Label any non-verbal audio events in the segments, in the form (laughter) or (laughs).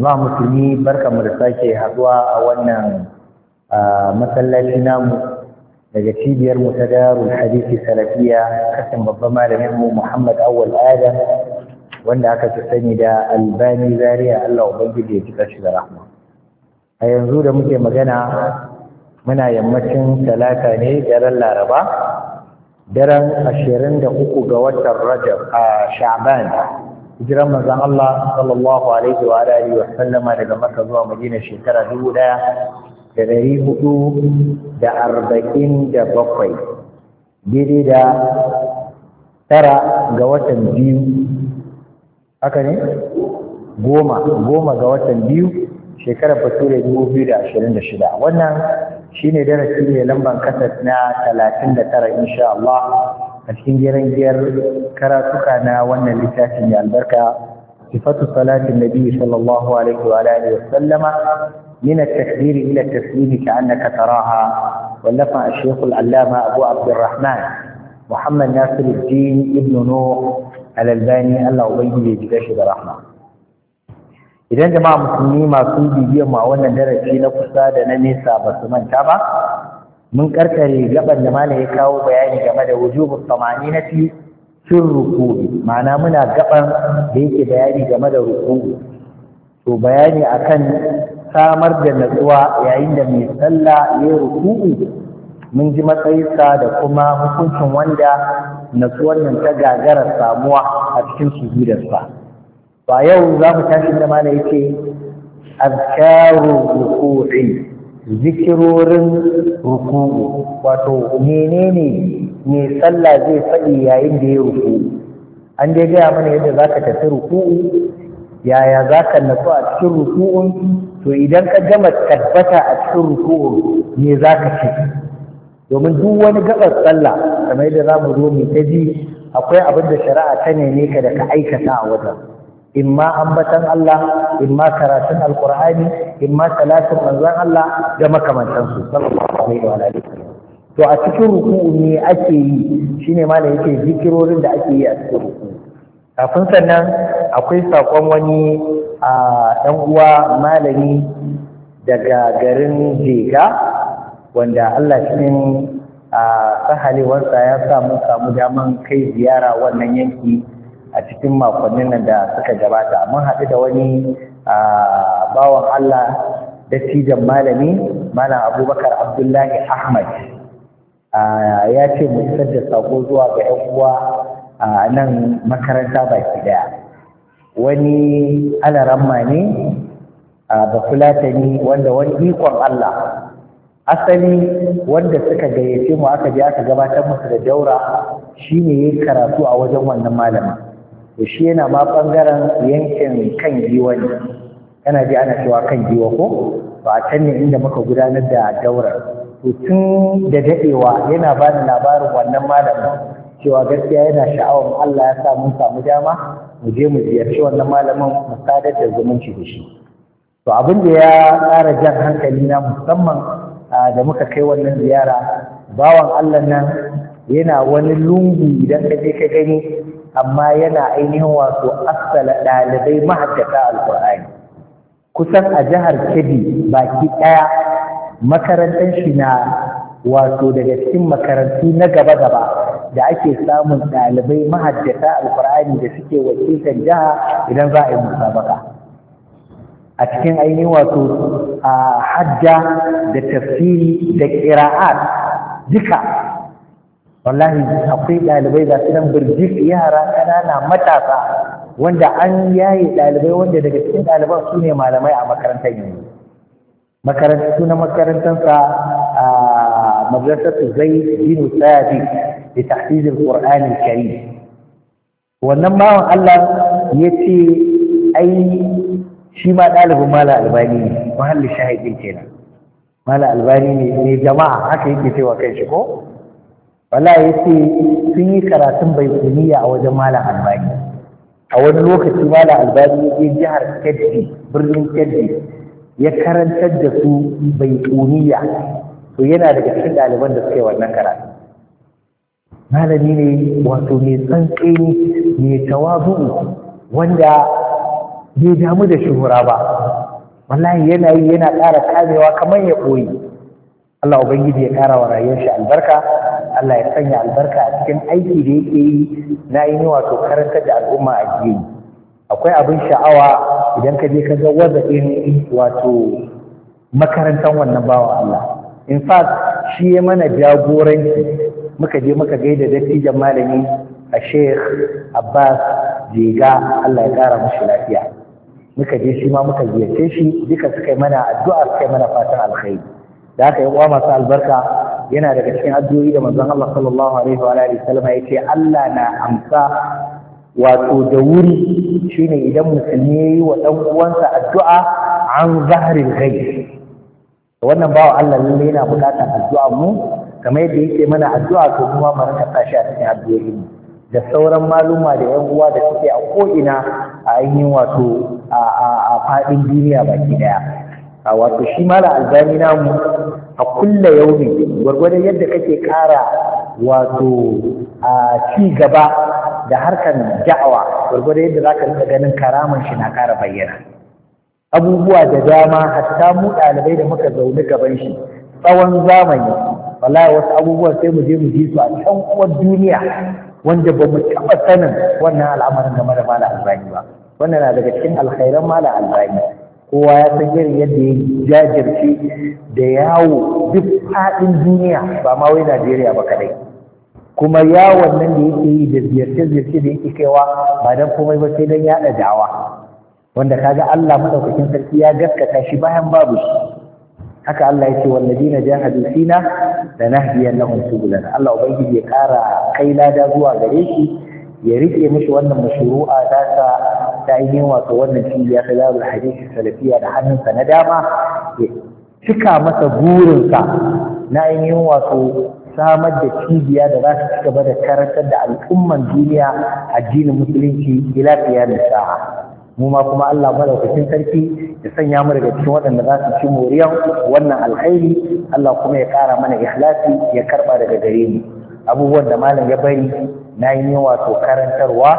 jama'a musulmi barka mu da sake haɗuwa a wannan masallaci namu daga cibiyar mu ta darul hadisi salafiya kasan babban malamin mu Muhammad Awwal Adam wanda aka fi sani da Albani Zaria Allah ubangiji ya cika shi da rahma a yanzu da muke magana muna yammacin talata ne daren Laraba daren ashirin da uku ga watan Rajab a Sha'ban hijiran manzon Allah sallallahu alaihi wa alihi wa sallama daga Makka zuwa Madina shekara dubu ɗaya da ɗari hudu da arba'in da bakwai daidai da tara ga watan biyu haka ne goma goma ga watan biyu shekarar bature dubu biyu da ashirin da shida wannan shine darasi ne lambar kasas na talatin da tara insha Allah a cikin geren giyar karatuka na wannan littafin ya albarka sifatu salatin nabi sallallahu alaihi wa alihi wa sallama min at-takbir ila at-taslim ka'annaka taraha wallafa ash-shaykh al-allama abu abdurrahman muhammad nasir al-din ibn nuh al-albani Allah ubangiji ya jiga shi da rahma idan jama'a musulmi masu bibiyar mu a wannan darasi na kusa da na nesa ba su manta ba mun karkare gaban da malam ya kawo bayani game da wujubu fi cin ruku'i ma'ana muna gaban da yake bayani game da ruku'i to bayani akan samar da natsuwa yayin da mai sallah ya ruku'u mun ji matsayinsa da kuma hukuncin wanda natsuwar nan ta gagara samuwa a cikin sujudarsa ba yau za mu tashi da malam yake azkaru ruku'i zikirorin ruku'u wato menene ne sallah zai faɗi yayin da ya ruku an dai gaya mana yadda za ka tafi ruku'u yaya za ka nasu a cikin ruku'un to idan ka gama tabbata a cikin ruku'un ne za ka ci domin duk wani gabar sallah kamar yadda za mu zo mu ta ji akwai abin da shari'a ta neme ka da ka aikata a wajen imma ambatan Allah imma karatun alqur'ani imma salatin manzon Allah da su sallallahu alaihi wa alihi to a cikin ruku'u ne ake yi shine ma da yake zikirorin da ake yi a cikin ruku'u kafin sannan akwai sakon wani a dan uwa malami daga garin Jega wanda Allah cikin a sahalewarsa ya samu samu daman kai ziyara wannan yanki a cikin makonnin nan da suka gabata mun haɗu da wani bawan Allah dattijan malami malam abubakar abdullahi ahmad ya ce mu isar da sako zuwa ga 'yan uwa a nan makaranta baki daya wani alaramma ne bafulatani wanda wani ikon Allah asali wanda suka gayyace mu aka je aka gabatar musu da daura shine yin karatu a wajen wannan malamin to shi yana ma ɓangaren yankin kan giwa ne Kana ji ana cewa kan giwa ko ba a can inda muka gudanar da daurar to tun da daɗewa yana ba da labarin wannan malamin cewa gaskiya yana sha'awar Allah ya sa mun samu dama mu je mu ziyarci wannan malamin mu sadar da zumunci da shi to abin da ya ƙara jan hankali na musamman da muka kai wannan ziyara bawan Allah nan yana wani lungu idan ka je ka gani amma yana ainihin wato asala ɗalibai mahaddata alƙur'ani kusan a jihar kebbi baki ɗaya makarantar shi na wato daga cikin makarantu na gaba-gaba da ake samun ɗalibai mahaddata alƙur'ani da suke wakiltar jiha idan za a yi musabaka a cikin ainihin wato a hajja da tafsiri da ƙira'at duka wallahi akwai ɗalibai ga su nan birjik yara ƙanana matasa wanda an yaye ɗalibai wanda daga cikin ɗaliban su ne malamai a makarantar yanzu makarantar Suna makarantarsa a madrasar zai dinu sabi da tahfizin qur'ani karim wannan bawan Allah ya ce ai shi ma ɗalibin mala albani ne mahalli shahidin kenan mala albani ne jama'a haka yake cewa kai shi ko wala ya ce sun yi karatun bai kuniya a wajen malam albani a wani lokaci malam albani ya je jihar kebbi birnin kebbi ya karantar da su bai kuniya to yana daga cikin ɗaliban da suka yi wannan karatu malami ne wato mai tsantseni mai tawazu wanda bai damu da shuhura ba wallahi yana yi yana ƙara kamewa kamar ya koyi Allah Ubangiji ya ƙara wa rayuwar shi albarka Allah ya sanya albarka a cikin aiki da yake yi na yi wato karantar da al'umma a jiye akwai abin sha'awa idan ka je ka ga waza'in wato makarantar wannan bawan Allah in fact shi ya mana jagoranci muka je muka gaida dattijan malami a sheikh abbas jega Allah ya kara mashi lafiya muka je shi ma muka ziyarce shi duka suka yi mana addu'a suka yi mana fatan alkhairi da aka yi uwa masu albarka yana daga cikin addu'o'i da manzon Allah sallallahu alaihi wa alihi wasallam yace Allah na amsa wato da wuri shine idan musulmi yayi wa dan uwansa addu'a an zahril ghaib wannan bawa Allah ne yana bukatar addu'a mu kamar yadda yake mana addu'a to kuma mu rinka sa shi a cikin addu'o'i da sauran maluma da yan uwa da suke a ko'ina a ainihin wato a faɗin duniya baki ɗaya a wato shi mala albani namu a kulla yaumi gwargwadon yadda kake kara wato a ci gaba da harkar da'awa gwargwadon yadda za ka rika ganin karaman shi na kara bayyana abubuwa da dama hatta mu ɗalibai da muka zaune gaban shi tsawon zamani wallahi wasu abubuwa sai mu je mu ji su a can uwar duniya wanda ba mu taɓa sanin wannan al'amarin game da malam albani ba wannan na daga cikin alkhairan malam albani kowa ya san irin yadda ya jajirce da yawo duk faɗin duniya ba ma wai najeriya ba kadai kuma yawon nan da yake yi da ziyarce-ziyarce da yake kaiwa ba don komai ba sai don yaɗa dawa wanda ka ga allah maɗaukakin sarki ya gaskata shi bayan babu shi haka Allah ya ce wallazina jahadu fina lanahdiyannahum subulana Allah ubangiji ya kara kai lada zuwa gare shi ya rike mashi wannan mashru'a ta sa ta ainihin wato wannan cibiya ta zarul hadisi salafiya da hannunsa na dama ya cika masa burinsa na ainihin wato samar da cibiya da za su ci gaba da karantar da al'umman duniya addinin musulunci ila qiyamah sa'a mu ma kuma Allah madaukakin sarki ya sanya mu daga cikin waɗanda za su ci moriyan wannan alkhairi Allah kuma ya ƙara mana ikhlasi ya karɓa daga gare mu abubuwan da malam ya bari na yi wato karantarwa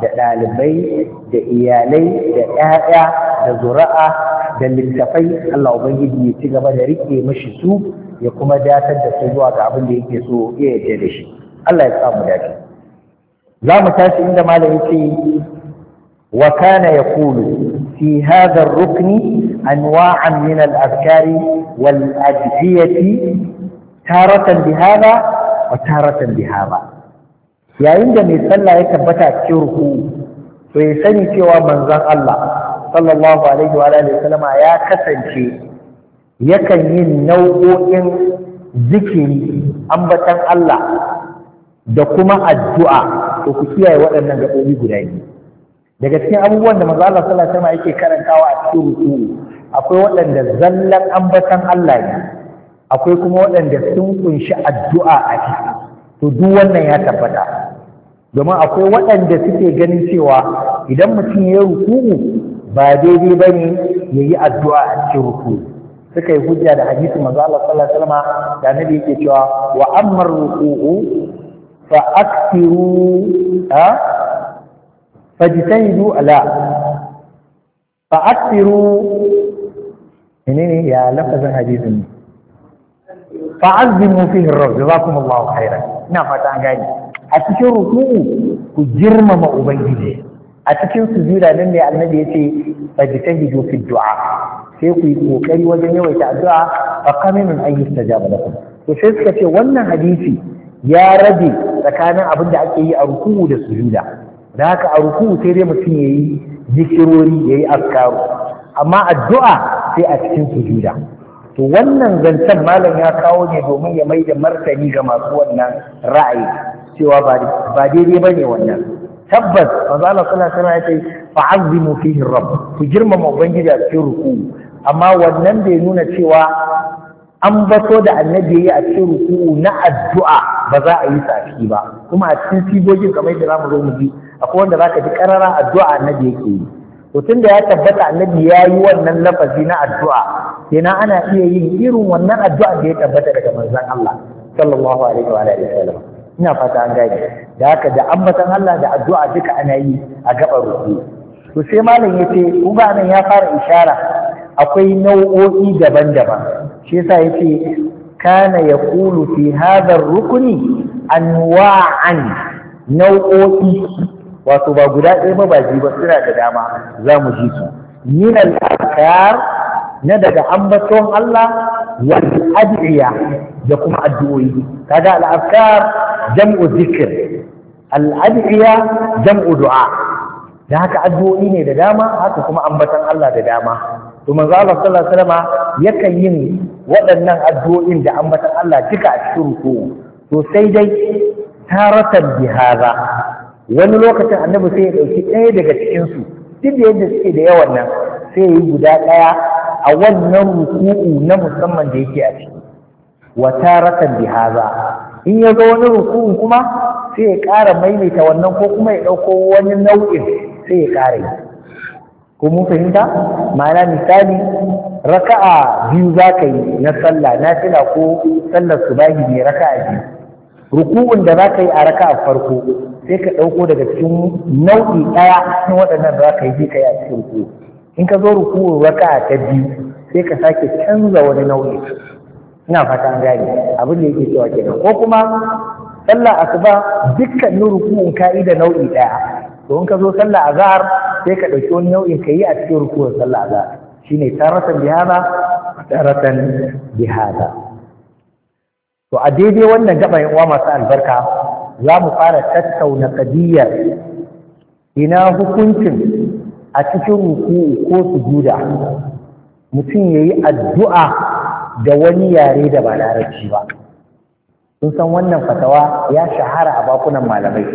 da ɗalibai da iyalai da ƴaƴa da zura'a da littafai Allah ubangiji ya ci gaba da rike mashi su ya kuma datar da su zuwa ga abin da yake so ya yarda da shi Allah ya samu dace za mu tashi inda malam yake wa kana yaqulu fi hadha ar-rukni anwa'an min al-azkari wal adhiyati taratan bihadha wa taratan bihadha yayin da mai sallah ya tabbata cikin ruku to ya sani cewa manzon Allah sallallahu alaihi wa alihi wasallama ya kasance yakan yi nau'o'in zikiri ambatan Allah da kuma addu'a to ku kiyaye waɗannan gaɓoɓi guda biyu daga cikin abubuwan da maza Allah sallallahu alaihi wasallama yake karantawa a cikin ruku'u akwai waɗanda zallan ambatan Allah ne akwai kuma waɗanda sun kunshi addu'a a ciki to duk wannan ya tabbata domin akwai waɗanda suke ganin cewa idan mutum ya ruku'u ba daidai ba ne ya yi addu'a a cikin ruku'u suka yi hujja da hadisi manzo Allah sallallahu alaihi wasallam da annabi yake cewa wa amma ruku'u fa aktiru ha fajtanidu ala fa aktiru menene ya lafazin hadisin ne fa azimu fihi ar-rabb jazakumullahu khairan ina fata an gane a cikin ruku'u ku girmama ubangiji a cikin sujuda nan ne annabi ya ce fajtahidu fi du'a sai ku yi kokari wajen yawaita addu'a fa qaminun an yustajaba kuma. to sai suka ce wannan hadisi ya rabe tsakanin abin da ake yi a ruku'u da sujuda da haka a ruku'u sai dai mutum yayi ya yayi askaru amma addu'a sai a cikin sujuda to wannan zancen malam ya kawo ne domin ya mai da martani ga masu wannan ra'ayi cewa ba daidai ba ne wannan tabbas manzo Allah sallallahu alaihi wasallam ya fa'azzimu fihi rabb ku girmama ubangiji a cikin ruku amma wannan bai nuna cewa an bato da annabi yayi a cikin ruku na addu'a ba za a yi safi ba kuma a cikin sibogin kamar da zamu zo mu ji akwai wanda zaka ji karara addu'a annabi yake yi to tunda ya tabbata annabi ya yi wannan lafazi na addu'a kenan ana iya yin irin wannan addu'a da ya tabbata daga manzon Allah sallallahu alaihi wa alihi wasallam ina fata an gane da haka da ambatan Allah da addu'a duka ana yi a gabar ruku to sai malam yace kuma nan ya fara ishara akwai nau'o'i daban-daban shi yasa yace kana yaqulu fi hadha ar-rukni anwa'an nau'o'i wato ba guda ɗaya ba ba ji ba suna da dama za mu ji su min al-azkar na daga ambaton Allah wal ad'iya da kuma addu'o'i kaga al afkar jam'u zikr al ad'iya jam'u du'a da haka addu'o'i ne da dama haka kuma ambaton Allah da dama to manzo Allah sallallahu alaihi wasallam yakan yin waɗannan addu'o'in da ambaton Allah duka a cikin ruku to sai dai taratan bihaza wani lokacin annabi sai ya dauki ɗaya daga cikin su duk da yadda suke da yawan nan sai ya yi guda ɗaya a wannan ruku'u na musamman da yake a ciki wa taratan bi haza in ya zo wani ruku'u kuma sai ya ƙara maimaita wannan ko kuma ya ɗauko wani nau'in sai ya ƙara yi ko mun fahimta ma'ana misali raka'a biyu za ka yi na sallah na fila ko sallar subahi ne raka'a biyu ruku'un da za ka yi a raka'a farko sai ka ɗauko daga cikin nau'i ɗaya na waɗannan da za ka a cikin ruku'u in ka zo ruku'u raka ta biyu sai ka sake canza wani nau'i ina fata an gane abin da yake cewa kenan ko kuma sallah asuba dukkanin ruku'un ka da nau'i daya to in ka zo sallah azhar sai ka dauki wani nau'in ka yi a cikin ruku'un sallah azhar shine taratan bihada taratan bihaza. to a daidai wannan gaba yan uwa masu albarka za mu fara tattauna kadiyar ina hukuncin a cikin ruku ko sujuda mutum ya yi addu'a da wani yare da ba larabci ba sun san wannan fatawa ya shahara a bakunan malamai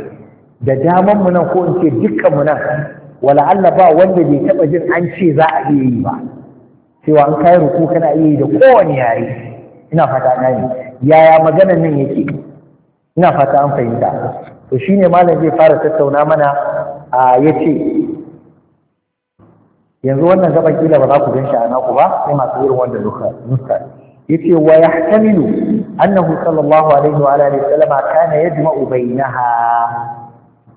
da daman mu nan ko in ce dukkan mu nan wala Allah ba wanda bai taba jin an ce za a iya yi ba cewa an kai ruku kana iya yi da kowane yare ina fata ne. yaya magana nan yake ina fata an fahimta to shine malam zai fara tattauna mana a yace yanzu wannan gaba kila ba za ku gan shi a naku ba sai masu irin wanda nuka nuka yace wa yahtamilu annahu sallallahu alaihi wa alihi sallama kana yajma'u bainaha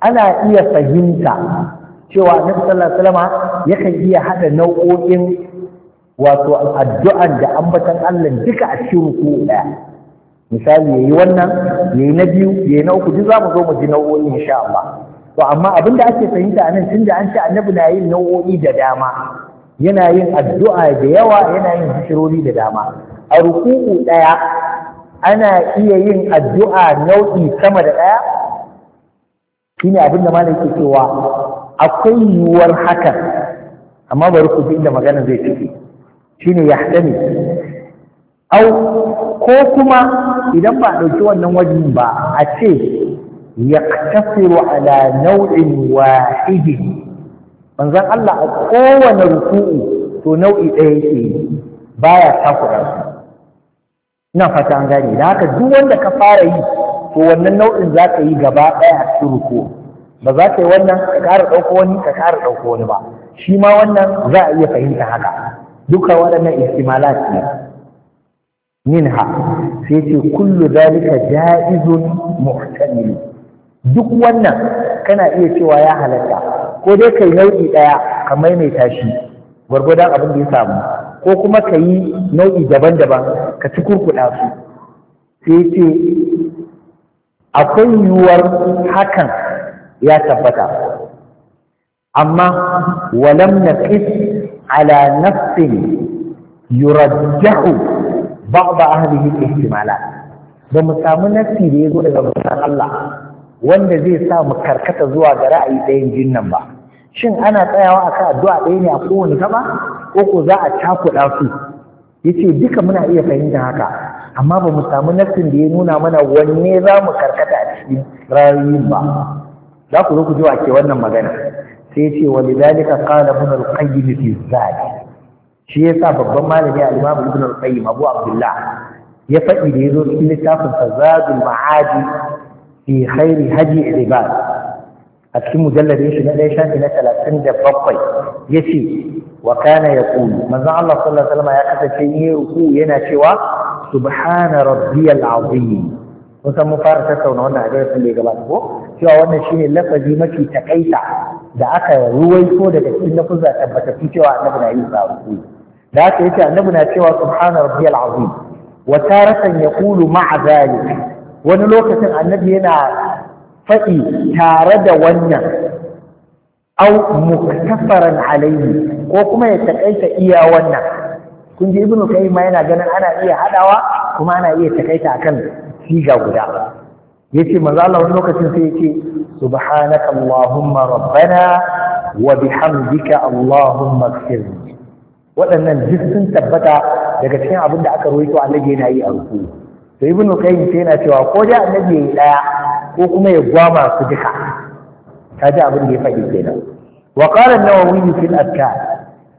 ana iya fahimta cewa annabi sallallahu alaihi wasallama yakan iya hada nau'o'in wato addu'an da ambatan Allah duka a cikin ruku daya misali yayi wannan yayi na biyu yayi na uku duk zamu zo mu ji nau'o'in insha Allah to amma abin da ake fahimta a nan tun da an ce annabi na yin nau'o'i da dama yana yin addu'a da yawa yana yin zikirori da dama a ruku'u ɗaya ana iya yin addu'a nau'i sama da ɗaya shine abin da malam yake cewa akwai yiwuwar hakan amma bari ku inda magana zai ne shine haɗa au ko kuma idan ba a ɗauki wannan wajen ba a ce يقتصر على نوع واحد manzon Allah a kowane ruku'u to nau'i ɗaya yake baya takura ina fata an gane da haka duk wanda ka fara yi to wannan nau'in za ka yi gaba ɗaya a cikin ba za ka yi wannan ka ƙara ɗauko wani ka ƙara ɗauko wani ba shi ma wannan za a iya fahimta haka duka waɗannan istimalat ne minha sai ce kullu dalika ja'izun muhtamil duk wannan kana iya cewa ya halatta ko dai kai nau'i ɗaya ka maimaita shi gwargwadon abin da ya samu ko kuma ka yi nau'i daban-daban ka ci kurkuɗa su sai ce akwai yiwuwar hakan ya tabbata amma walam na ala nafsin yurajjahu ba'da ahlihi ihtimala ba mu samu nafsi da ya zo daga Allah wanda zai sa mu karkata zuwa ga ra'ayi ɗayan jinnan ba shin ana tsayawa akan addu'a ɗaya ne a kowane gaba ko ko za a cakuɗa su yace duka muna iya fahimta haka amma ba mu samu nassin da ya nuna mana wanne za mu karkata a cikin rayuyin ba za ku zo ku ji wa ke wannan magana sai ya ce wa lidalika qala ibn al-qayyim fi zadi shi yasa babban malami al-imam ibn al-qayyim abu abdullah ya faɗi da ya yazo cikin littafin sa zadul ma'adi fi khairi haji ibad a cikin mujalladin shi na ɗaya shafi na talatin da bakwai ya ce wa kana ya kulu manzan Allah sallallahu alaihi wasallam ya kasance in yi ruku yana cewa subhana rabbiyal azim kun san mun fara tattauna wannan a darasin da ya gabata ko cewa wannan shine lafazi mafi takaita da aka ruwaito daga cikin lafuzza tabbatattu cewa annabi na yi ruku da aka yace annabi na cewa subhana rabbiyal azim wa taratan yaqulu ma'a dhalik wani lokacin annabi yana faɗi tare da wannan au muktafaran alaihi ko kuma ya takaita iya wannan kun ji ibnu kai ma yana ganin ana iya hadawa kuma ana iya takaita akan siga guda yace manzo Allah wani lokacin sai yace subhanaka allahumma rabbana wa bihamdika allahumma ighfirli waɗannan duk sun tabbata daga cikin abin da aka rawaito annabi yana yi a to ibnu qayyim sai yana cewa ko dai annabi yayi daya ko kuma ya gwama su duka kaji abin da ya faɗi kenan wa qala an-nawawi fil afkar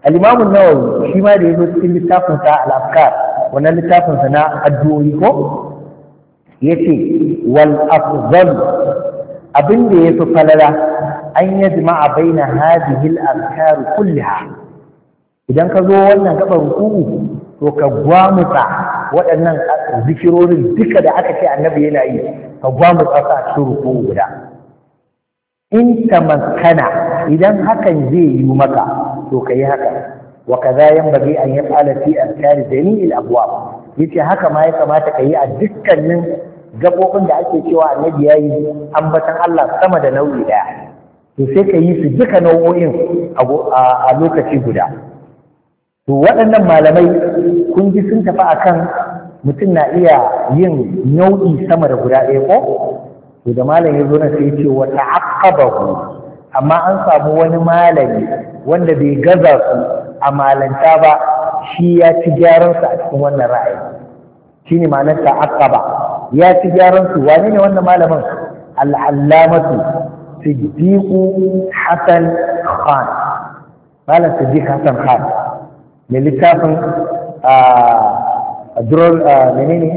al-imam an-nawawi shi ma da yazo cikin littafin sa al-afkar wannan littafin sa na addu'o'i ko yace wal afdal abin da yafi falala an yajma'a baina hadhihi al-afkar kullaha idan ka zo wannan gaban ruku'u to ka gwamutsa waɗannan zikirorin duka da aka ce annabi yana yi ka gwamu tsasa a guda in makana idan hakan zai yi maka to ka yi haka wa kaza yanbaghi an yaf'ala fi azkari jami'il abwab yace haka ma ya kamata ka yi a dukkanin gabobin da ake cewa annabi yayi ambatan Allah sama da nau'i daya to sai ka yi su duka nau'o'in a lokaci guda to waɗannan malamai kun ji sun tafi a kan mutum na iya yin nau'i sama da guda ɗaya ko to da malam ya zo na sai ce wa ta'aqqabahu amma an samu wani malami wanda bai gaza su a malanta ba shi ya ci gyaran su a cikin wannan ra'ayi shine ma'anar ta'aqqaba ya ci gyaran su wane ne wannan malamin al-allamatu siddiqu Hassan khan malam siddiq Hassan khan mai littafin Ah, a drol a ah, menene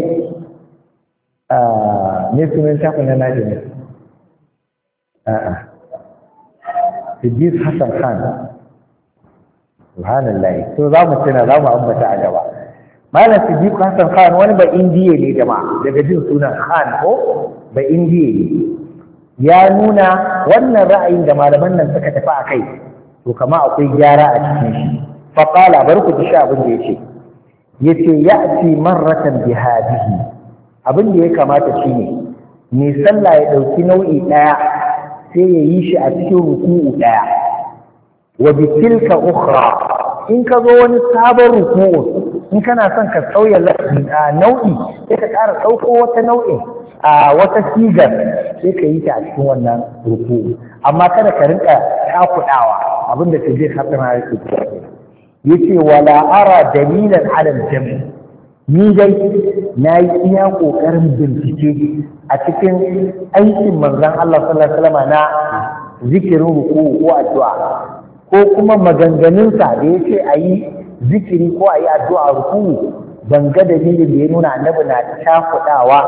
a ah, nesumin shafin na naji ne a Idris Hassan Khan subhanallah to za mu tuna za mu ambata a gaba Malam Siddiq Hassan Khan wani ba indiye ne jama'a daga jin sunan Khan ko ba indiye ne ya nuna wannan ra'ayin da malaman nan suka tafi a kai to kama akwai gyara a cikin shi fa qala bar ku ji abin da yake yace ya'ti marratan bi hadihi abin da ya kamata shine mai sallah ya dauki nau'i ɗaya sai ya yi shi a cikin ruku'u ɗaya, wa bi tilka ukhra in ka zo wani sabon ruku'u in kana son ka sauya nau'i sai ka ƙara ɗauko wata nau'in a wata sigar sai ka yi ta a cikin wannan ruku'u amma kada ka rinka takuɗawa abin da ka je hatsana yake yace wala ara dalilan alal jami ni dai na yi iya ƙoƙarin bincike a cikin aikin manzon Allah sallallahu alaihi na zikirin ruku ko addu'a ko kuma maganganunsa da yace ayi zikiri ko a yi addu'a ruku ban ga dalilin da ya nuna annabi na shafuɗawa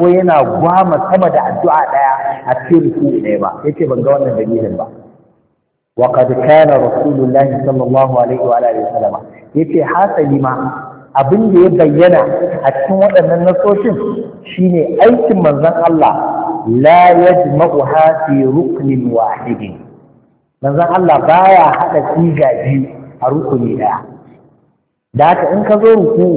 ko yana gwama sama da addu'a ɗaya a cikin ruku ɗaya ba yace ban ga wannan dalilin ba وقد كان رسول الله صلى الله عليه وعلى اله وسلم hasali ma abin da ya bayyana a cikin waɗannan nasoshin shine aikin manzon Allah la yajma'u ha fi ruknin wahidin manzon Allah baya hada siga biyu a rukuni daya da haka in ka zo ruku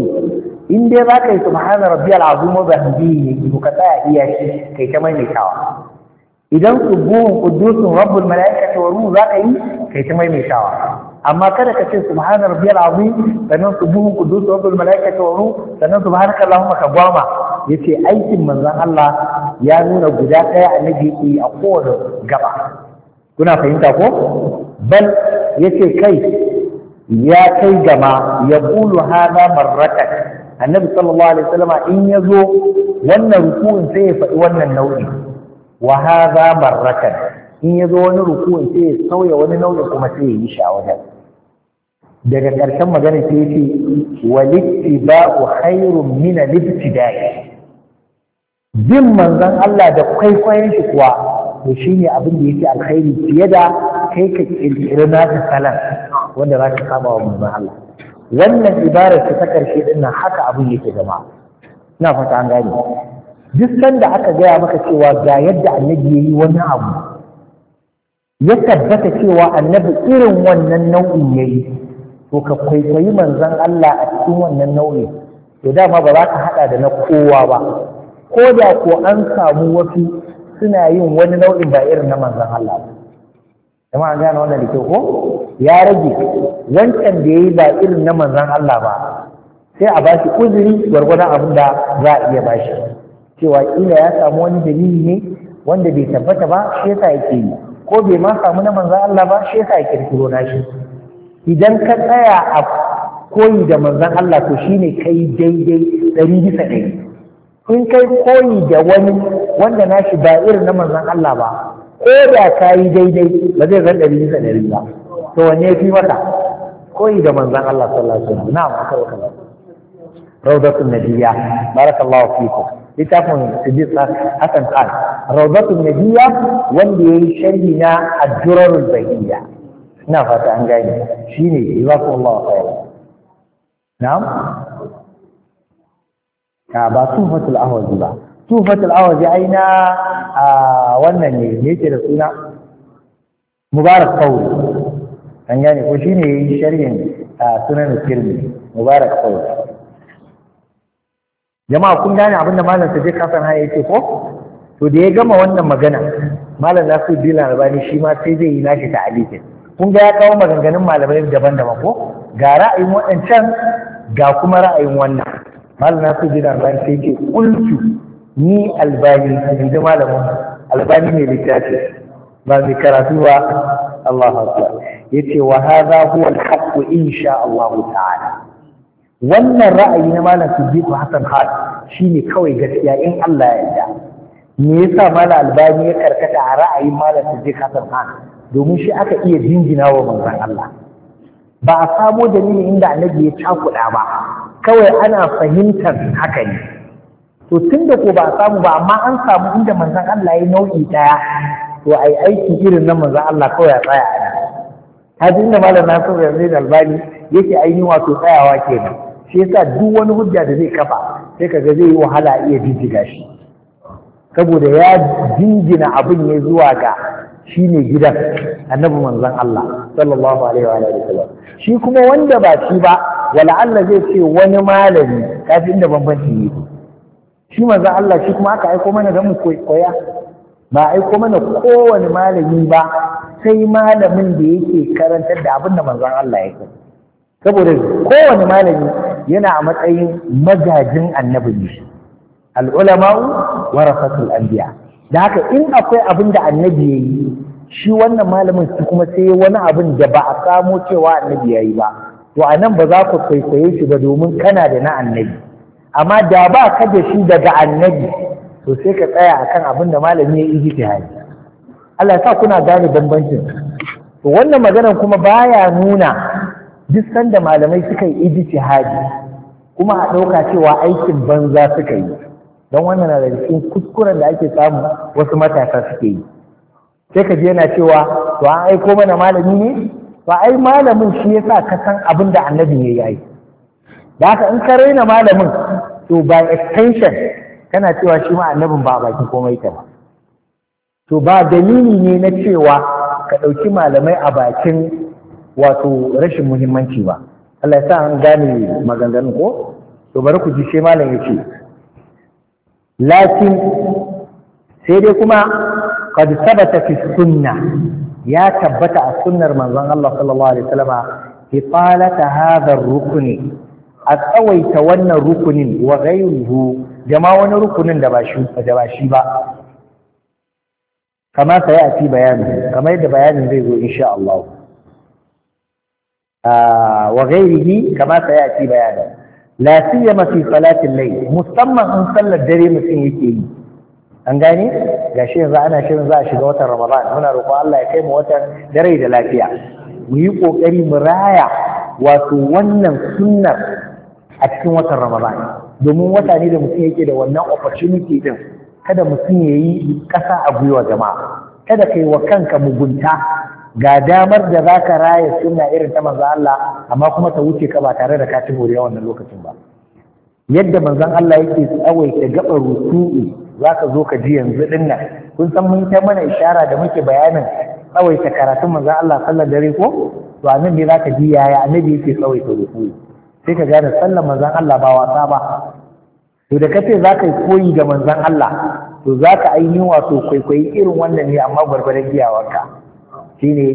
in dai za ka yi subhana rabbiyal azim wa bihamdihi ka tsaya iya shi kai ta maimaitawa idan subuhun qudusun rabbul mala'ika ta ruhu za ka yi kai ta maimaitawa amma kada ka ce subhana rabbiyal azim sannan subuhun qudusun rabbul mala'ika ta ruhu sannan subhanaka allahumma ka gwama yace aikin manzon Allah ya nuna guda daya annabi yi a kowace gaba kuna fahimta ko bal yace kai ya kai gama ya qulu hada marratan annabi sallallahu alaihi wasallama in yazo wannan rukun sai ya faɗi wannan nau'i wa hadha marratan in yazo wani ruku'in sai ya sauya wani nau'in kuma sai ya yi shi a wajen daga ƙarshen magana sai ya ce wal ittiba'u khairun min al bin manzon Allah da kwaikwayon shi kuwa to shine abin da yake alkhairi fiye da kai ka kirkiri naka salan wanda za ka saba wa manzon Allah wannan ibarar ta karshe din nan haka abin yake jama'a ina fata an gane duk sanda aka gaya maka cewa ga yadda annabi ya yi wani abu ya tabbata cewa annabi irin wannan nau'in ya yi to ka kwaikwayi manzan Allah a cikin wannan nau'in to dama ba za ka haɗa da na kowa ba ko da ko an samu wasu suna yin wani nau'in ba irin na manzan Allah ba kuma an gane wannan da ke ko ya rage wancan da ya yi ba irin na manzan Allah ba sai a bashi uzuri gwargwadon abin da za a iya bashi cewa kila ya samu wani dalili ne wanda bai tabbata ba shi yasa yake yi ko bai ma samu na manzon Allah ba shi yasa ya kirkiro nashi idan ka tsaya a koyi da manzon Allah to shine kai daidai ɗari bisa ɗari in kai koyi da wani wanda nashi ba irin na manzon Allah ba ko da ka yi daidai ba zai zan ɗari bisa ɗari ba to wanne ya fi maka koyi da manzon Allah sallallahu alaihi wasallam na'am aka wakala rawdatul nabiyya barakallahu fikum littafin Siddiq Hassan Khan Rawdatul Nabiya wanda yayi sharhi na Ad-Durarul Bahiyya ina fata an gane shine jazakumullahu khairan na'am ka ba tuhfatul ahwazi ba tuhfatul ahwazi aina a wannan ne me yake da suna Mubarak Kauri an gane ko shine yayi sharhin sunan Tirmidhi Mubarak Kauri jama'a kun gane abin da malam sadiq hasan haya yake ko to da ya gama wannan magana malam nasiruddin albani shi ma sai zai yi nashi ta'alikin kun ga ya kawo maganganun malamai daban-daban ko ga ra'ayin waɗancan ga kuma ra'ayin wannan malam nasiruddin albani sai ke kultu ni albani in ji malamin albani ne littafi ba mai karatu ba Allah ya ce wa hadha huwa al-haqq insha Allah ta'ala wannan ra'ayi na malam siddiqu hasan hal shine kawai gaskiya in Allah ya yarda me yasa malam albani ya karkata a ra'ayin malam siddiqu Hassan hal domin shi aka iya jinjina wa manzon Allah ba a samo dalili inda annabi ya cakuɗa ba kawai ana fahimtar haka ne to tun ko ba a samu ba amma an samu inda manzon Allah ya nau'i ɗaya to ai aiki irin na manzon Allah kawai a tsaya a nan hadin da malam Nasiru yanzu Albani yake ainihin wato tsayawa kenan shi yasa duk wani hujja da zai kafa sai kaga zai yi wahala iya jijjiga shi saboda ya jingina abin ya zuwa ga shi ne gidan annabi manzon Allah sallallahu alaihi wa sallam shi kuma wanda ba shi ba wala Allah zai ce wani malami kafin da bambanci yi. shi manzon Allah shi kuma aka aiko mana da mu koya ba aiko mana kowane malami ba sai malamin da yake karantar da abin da manzon Allah yake saboda kowane malami yana a matsayin magajin annabi ne shi al'ulama'u rafatul anbiya da haka in akwai abin da annabi ya yi shi wannan malamin su kuma sai ya wani abin da ba a samo cewa annabi ya yi ba to a nan ba za ku kwaikwaye shi ba domin kana da na annabi amma da ba ka da shi daga annabi to sai ka tsaya akan abin da malami ya yi ijtihadi Allah ya sa kuna gane bambancin to wannan maganar kuma baya nuna duk sanda malamai suka yi ijtihadi kuma a ɗauka cewa aikin banza suka yi don wannan na da cikin kuskuren da ake samu wasu matasa suka yi sai ka je yana cewa to an aiko mana malami ne ba ai malamin shi yasa ka san abin da annabi ya yi da haka in ka raina malamin to by extension kana cewa shi ma annabin ba bakin komai ta ba to ba dalili ne na cewa ka ɗauki malamai a bakin wato rashin muhimmanci ba Allah ya sa an gane maganganun ko to bari ku ji sai malam yace lakin sai dai kuma qad sabata fi sunna ya tabbata a sunnar manzon Allah sallallahu alaihi wasallama iqalata hadha ar-rukn a tsawaita wannan rukunin wa ghayruhu jama wani rukunin da ba shi da ba shi ba kama sai a fi bayani kamar yadda bayanin zai zo insha Allah wa ghairihi kama sayati bayana la siyama fi salatil layl musamman an sallar dare mutum yake yi an gane gashi yanzu ana shirin za a shiga watan Ramadan muna roƙo Allah ya kai mu watan dare da lafiya mu yi kokari mu raya wato wannan sunnar a cikin watan Ramadan domin wata ne da mutum yake da wannan opportunity din kada mutum yayi ƙasa a gwiwa jama'a kada kai wa kanka mugunta ga damar da za ka raya suna irin ta manzan Allah amma kuma ta wuce ka ba tare da katin ci a wannan lokacin ba yadda manzan Allah yake tsawaita gaba rutu'i za ka zo ka ji yanzu din nan kun san mun kai mana ishara da muke bayanin tsawaita karatun manzan Allah sallar dare ko to a nan ne za ka ji yaya annabi yake ta rutu'i sai ka gane sallar manzan Allah ba wasa ba to da kace za ka yi koyi ga manzan Allah to za ka ainihin wato kwaikwayi irin wannan ne amma gwargwadon ka ne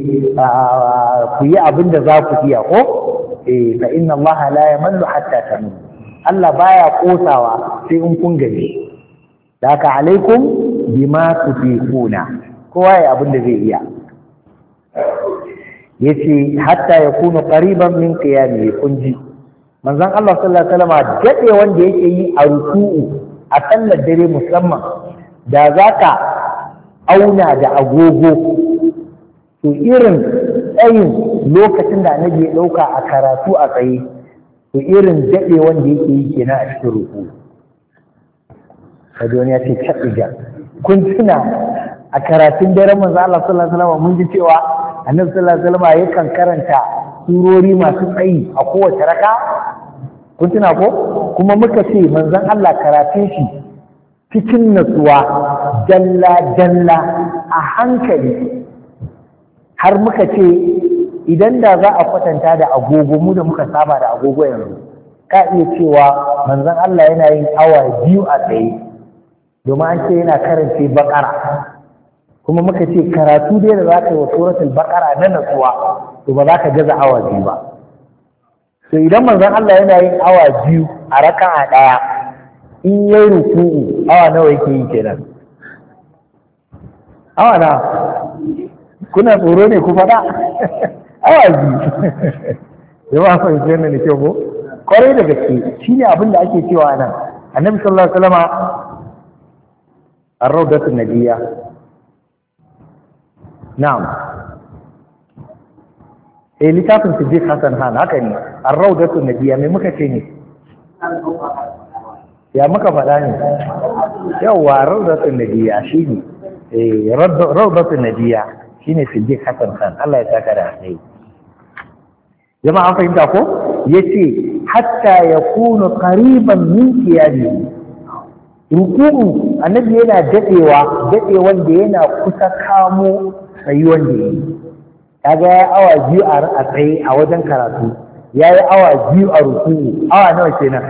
ku yi abin da za ku iya ko E, fa inna allaha la yamallu hatta tamun Allah baya kosawa sai in kun gaji ka alaikum bima tufiquna kowa ya abin da zai iya yace hatta yakunu qariban min qiyami kunji manzon Allah sallallahu alaihi wasallam dade wanda yake yi a ruku'u a sallar dare musamman da zaka auna da agogo to irin tsayin lokacin da na ya ɗauka a karatu a tsaye to irin daɗe wanda yake yi kenan a cikin ruku Kaduna ya ce caɗiga kun tuna a karatun dare manzo Allah sallallahu alaihi wasallam mun ji cewa annabi sallallahu alaihi wasallam yakan karanta surori masu tsayi a kowace raka kun tuna ko kuma muka ce manzon Allah karatun shi cikin natsuwa dalla dalla a hankali har muka ce idan da za a kwatanta da agogo mu da muka saba da agogo yanzu ka iya cewa manzon Allah yana yin awa biyu a tsaye domin an ce yana karance bakara kuma muka ce karatu dai da za ka yi wa suratul bakara na natsuwa to ba za ka gaza awa biyu ba to idan manzon Allah yana yin awa biyu a raka'a ɗaya, in yayi ruku'u awa nawa yake yi kenan awa na kuna tsoro ne ku faɗa awazi da ba fa yi ne kyau ko kwarai da gaske ne abin da ake cewa nan annabi sallallahu alaihi wasallama ar na nabiyya na'am eh su Siddiq Hassan Han haka ne ar-rawdatu nabiyya me muka ce ne ya muka faɗa ne yawa rawdatu nabiyya ne. eh rawdatu nabiyya su jin hasan Khan Allah ya saka da alheri zama an fahimta ko Ya ce, hatta ya yakunu qariban min qiyamihi ruku'u annabi yana daɗewa dadewan da yana kusa kamo tsayuwan da ya kaga ya awa biyu a tsaye a wajen karatu ya yi awa biyu a rukunu. awa nawa kenan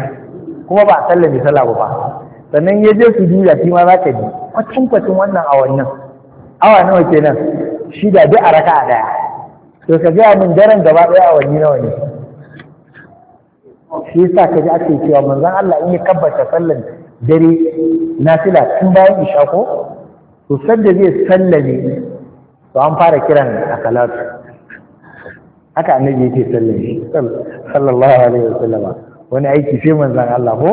kuma ba a sallar misala ba ba sannan ya je su juya shi ma za ka ji kwacin kwacin wannan awannin awa nawa kenan shida duk a raka'a daya to ka gaya min daren gaba daya wani nawa ne shi yasa ka ji ake cewa manzon Allah in ya kabbata sallan dare na sila tun bayan isha ko to sanda zai sallame to an fara kiran a salatu haka annabi yake sallame sallallahu alaihi wasallam wani aiki sai manzon Allah ko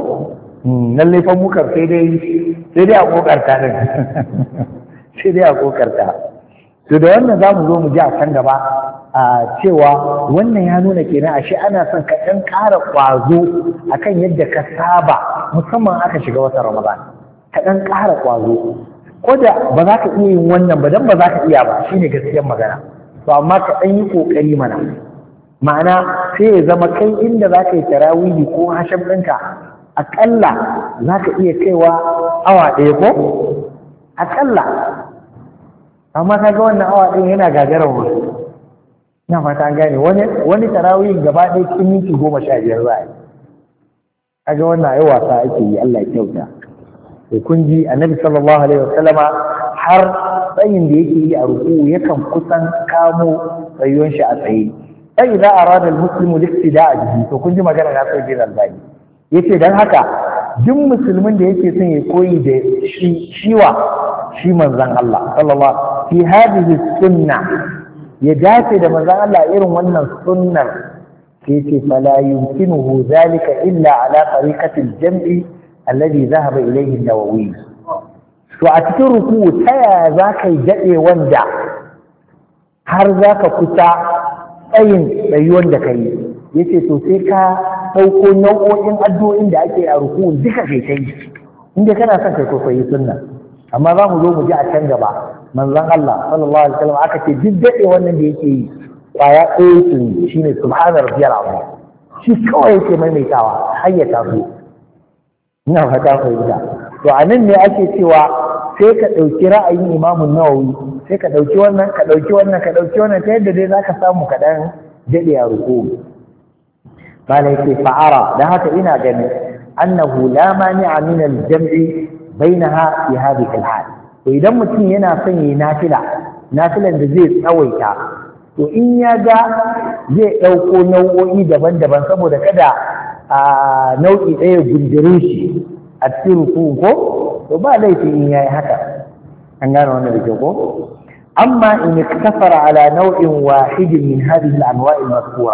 nan hmm, fa mukar sai dai sai dai a kokarta din (laughs) sai dai a kokarta to da wannan za mu zo mu ji a kan gaba a cewa wannan ya nuna kenan ashe ana son ka ɗan ƙara ƙwazo akan yadda ka saba musamman aka shiga wata ramadan ka ɗan ƙara ƙwazo ko da ba za ka iya yin wannan ba dan ba za ka iya ba Shi ne gaskiyar magana to amma ka ɗan yi ƙoƙari mana ma'ana sai ya zama kai inda za ka yi tarawihi ko hashim ɗinka aƙalla za ka iya kaiwa awa ɗaya ko aƙalla amma ga wannan awa ɗin yana gagarar wasu na fata gane wani tarawihin gaba ɗaya cikin minti goma sha biyar za a yi ga wannan ai wasa ake yi Allah ya kyauta to kun ji annabi sallallahu alaihi wasallama har tsayin da yake yi a ruku yakan kusan kamo tsayuwan shi a tsaye ai idza arada almuslimu liqtida'a bihi to kun ji magana na sai bin albani yace dan haka duk musulmin da yake son ya koyi da shi shiwa shi manzon Allah sallallahu fi hadhihi sunna ya dace da manzon Allah irin wannan sunnar keke ce fala yumkinuhu zalika illa ala tariqati al-jam'i alladhi dhahaba ilayhi an-nawawi to a cikin ruku ta yaya za ka yi daɗe wanda har za ka kusa tsayin tsayuwar da ka yi ya ce to sai ka ɗauko nau'o'in addu'o'in da ake a ruku duka kai ta yi inda kana son kai kwaikwayi sunna amma za mu zo mu ji a can gaba manzon Allah sallallahu alaihi wasallam aka ce duk dade wannan da yake yi kwaya ɗaya yake yi shine subhana rabbiyal azim shi kawai yake maimaitawa har ya taso ina fata fahimta to anan ne ake cewa sai ka ɗauki ra'ayin imamun nawawi sai ka ɗauki wannan ka ɗauki wannan ka ɗauki wannan ta yadda dai zaka samu kaɗan daɗe a ruku bala yake fa'ara da haka ina ganin annahu la mani'a min al-jam'i bainaha fi hadhihi al-hal to idan mutum yana son yi nafila nafilan da zai tsawaita to in ya ga zai ɗauko nau'o'i daban-daban saboda kada a nau'i ɗaya gundure shi a cikin ko to ba laifi in yayi haka an gane wannan da ke ko amma in iktasara ala nau'in wahidin min hadhihi al-anwa' al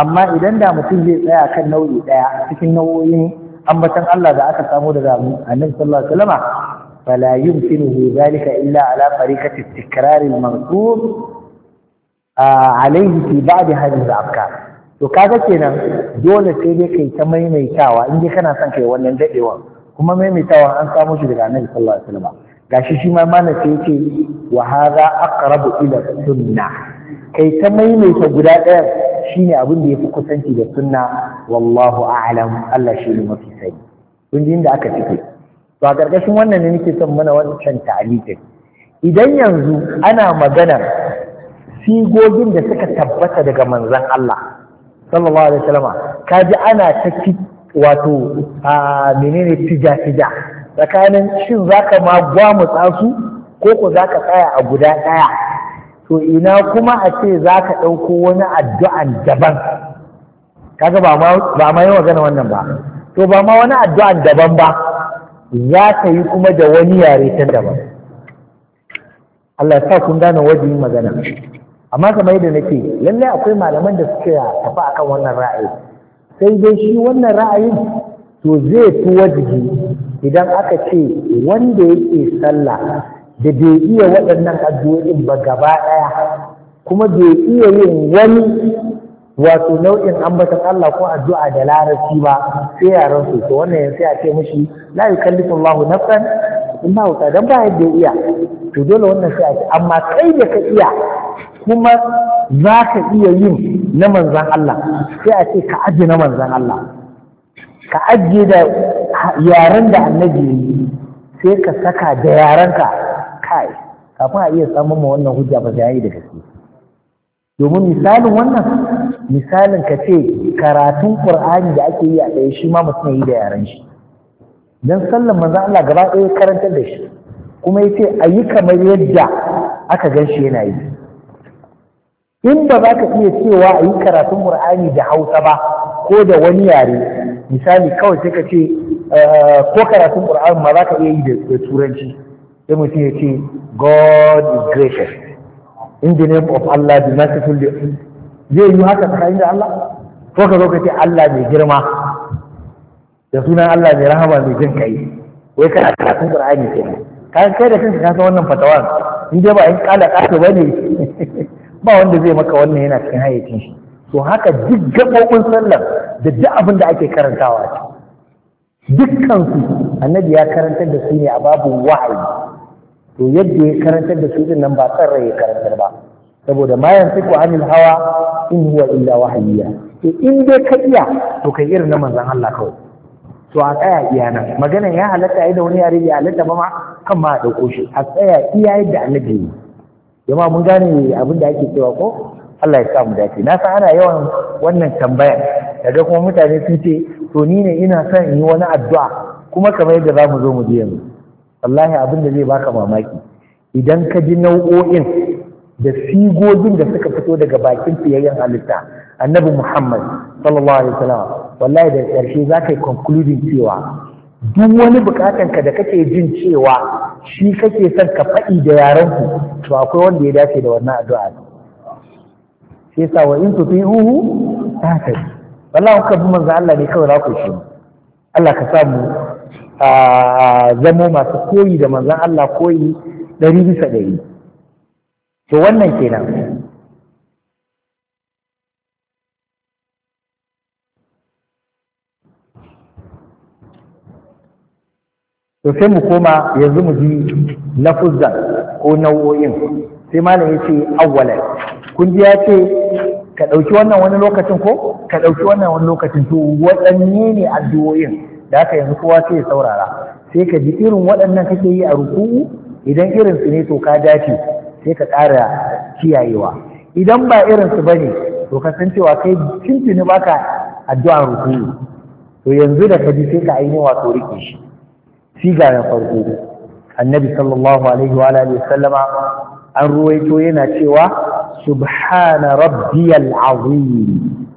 amma idan da mutum zai tsaya kan nau'i ɗaya cikin nau'o'in ambatan Allah da aka samu daga annabi sallallahu alaihi wasallam فلا يمكنه ذلك إلا على طريقة التكرار المنصوب عليه في بعض هذه الأفكار to kaga kenan dole sai dai kai ta maimaitawa in dai kana son kai wannan dadewa kuma maimaitawa an samu shi daga Annabi sallallahu alaihi wasallam gashi shi ma mana sai yace wa hadha aqrabu ila sunna kai ta maimaita guda ɗaya shine abin da fi kusanci da sunna wallahu a'lam Allah shi mafi sani kun ji inda aka cike to a ƙarƙashin wannan ne nake son mana wancan ta'alikin idan yanzu ana magana sigogin da suka tabbata daga manzan Allah sallallahu alaihi wasallam kaji ana ta wato a menene tija tija tsakanin shin zaka ma gwamutsa su ko ko zaka tsaya a guda ɗaya to ina kuma a ce zaka ɗauko wani addu'an daban kaga ba ba ma yi magana wannan ba to ba ma wani addu'an daban ba za ka yi kuma da wani yare ta daban Allah sa kun gane wajen magana amma kamar yadda nake lalle akwai malaman da suke tafi akan wannan ra'ayi sai dai shi wannan ra'ayin to zai fi wajibi idan aka ce wanda yake sallah da bai iya waɗannan addu'o'in ba gaba ɗaya kuma bai iya yin wani wato nau'in ambatan Allah ko addu'a da larabci ba sai yaran su to wannan sai a ce mishi la yukallifu Allahu nafsan illa wusa dan ba yadda ya iya to dole wannan sai a ce amma kai da ka iya kuma za ka iya yin na manzan Allah sai a ce ka aje na manzan Allah ka aje da yaren da annabi yi sai ka saka da yarenka kai kafin a iya samun ma wannan hujja ba za yi da gaske domin misalin wannan misalin ka ce karatun ƙurani da ake yi a ɗaya shi ma mutum yi da yaran shi don sallan manzon Allah gaba ɗaya karantar da shi kuma ya ce a yi kamar yadda aka gan shi yana yi in ba za ka iya cewa a yi karatun qur'ani da hausa ba ko da wani yare misali kawai sai ka ce eh, ko karatun ƙur'ani ma za ka iya yi da turanci sai mutum ya ce god is gracious in the name of Allah the merciful zai yi haka tsakanin da Allah ko ka zo ka ce Allah mai girma da sunan Allah mai rahama mai jin kai wai kana karatun Qur'ani nan ka kai da kanka ka san wannan fatawa in dai ba in kala ba bane (laughs) ba wanda zai maka wannan yana cikin hayyacin shi to haka duk gabobin sallar da duk abin da ake karantawa dukkan su annabi ya karantar da su ne a babu wahayi to yadda ya karantar da su din nan ba tsarrai ya karantar ba saboda ma yantiku anil hawa in huwa illa wahayya to in dai ka iya to kai irin na manzon Allah kawai to a tsaya iya nan magana ya halatta ai da wani yare ya halatta ba ma kan ma a dauko shi a tsaya iya yadda annabi yi jama'a mun gane abin da ake cewa ko Allah ya sa mu dace na san ana yawan wannan tambaya daga kuma mutane sun ce to ni ne ina son in yi wani addu'a kuma kamar yadda za mu zo mu je yanzu wallahi abin da zai baka mamaki idan ka ji nau'o'in da sigogin da suka fito daga bakin fiyayyen halitta annabi muhammad sallallahu alaihi wasallam wallahi da ƙarshe za ka yi concluding cewa duk wani ka da kake jin cewa shi kake son ka faɗi da yarenku to akwai wanda ya dace da wannan addu'a ne. sai sa wa in uhu ta ta wallahi kuka bi manzo Allah ne kawai za ku shi Allah ka samu a ah, zamo masu koyi da manzon Allah koyi ɗari bisa ɗari to wannan kenan to sai mu koma yanzu mu ji lafuzan ko nau'o'in sai malam ya ce awwala kun ji ya ce ka ɗauki wannan wani lokacin ko ka ɗauki wannan wani lokacin to waɗanne ne addu'o'in da aka yanzu kowa sai ya saurara sai ka ji irin waɗannan kake yi a ruku'u idan irin su ne to ka dace sai ka ƙara kiyayewa idan ba irin su bane to kasancewa kai tuntuni baka addu'a rukuni to yanzu da ka ji sai ka aini wato rike shi siga na farko annabi sallallahu alaihi wa alihi sallama an ruwaito yana cewa subhana rabbiyal azim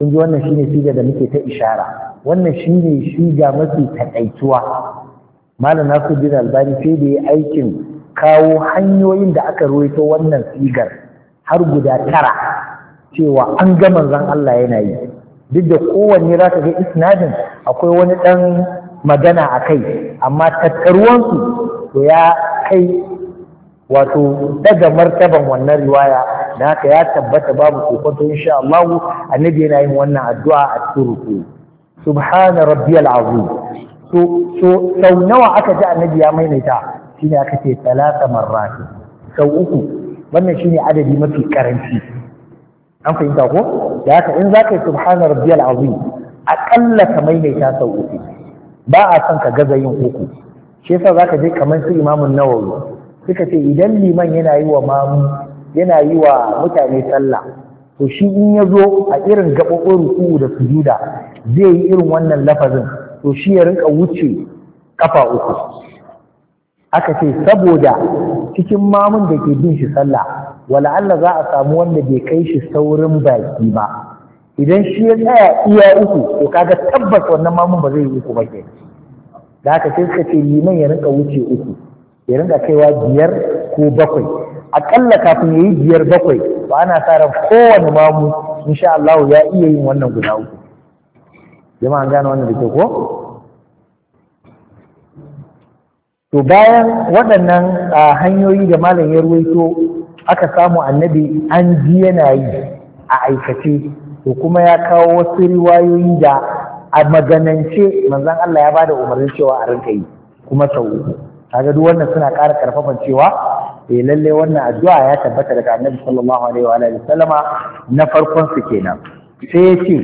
kun ji wannan shine siga da muke ta ishara wannan shine shiga mafi takaituwa malam Nasiruddin Albani sai da yi aikin kawo hanyoyin da aka ruwaito wannan sigar har guda tara cewa an ga manzon Allah yana yi duk da kowanne za ka ga isnadin akwai wani ɗan magana a kai amma tattaruwansu to ya kai wato daga martaban wannan riwaya da haka ya tabbata babu kokonto insha Allah annabi yana yin wannan addu'a a cikin subhana rabbiyal azim so so sau nawa aka ji annabi ya maimaita Ina aka ce talata marrati sau uku wannan shine adadi mafi karanci an fahimta ko da haka in za ka yi biyar azu A ƙalla ka maimaita sau uku ba a son ka gaza yin uku shi yasa ka je kamar su imamun nawawi suka ce idan liman yana yi wa mamu yana yi wa mutane sallah to shi in ya zo a irin gaɓoɓin ruku'u da sujuda zai yi irin wannan lafazin to shi ya rinka wuce kafa uku aka ce saboda cikin mamun da ke bin shi sallah wala Allah za a samu wanda bai kai shi saurin baki ba idan shi ya tsaya iya uku to kaga tabbas wannan mamun ba zai yi uku ba ke da aka ce suka ce liman ya rinka wuce uku ya rinka kaiwa biyar ko bakwai akalla kafin ya yi biyar bakwai ba ana sa ran kowane mamu insha Allah ya iya yin wannan guda uku jama'an gane wannan da ke ko to bayan waɗannan hanyoyi da malam ya ruwaito aka samu annabi an ji yana yi a aikace to kuma ya kawo wasu riwayoyi da a maganance manzan Allah ya bada umarnin cewa a rinka yi kuma sau uku kaga wannan suna ƙara karfafan cewa eh lalle wannan addu'a ya tabbata daga annabi sallallahu alaihi wa alihi sallama na farkon su kenan sai ya ce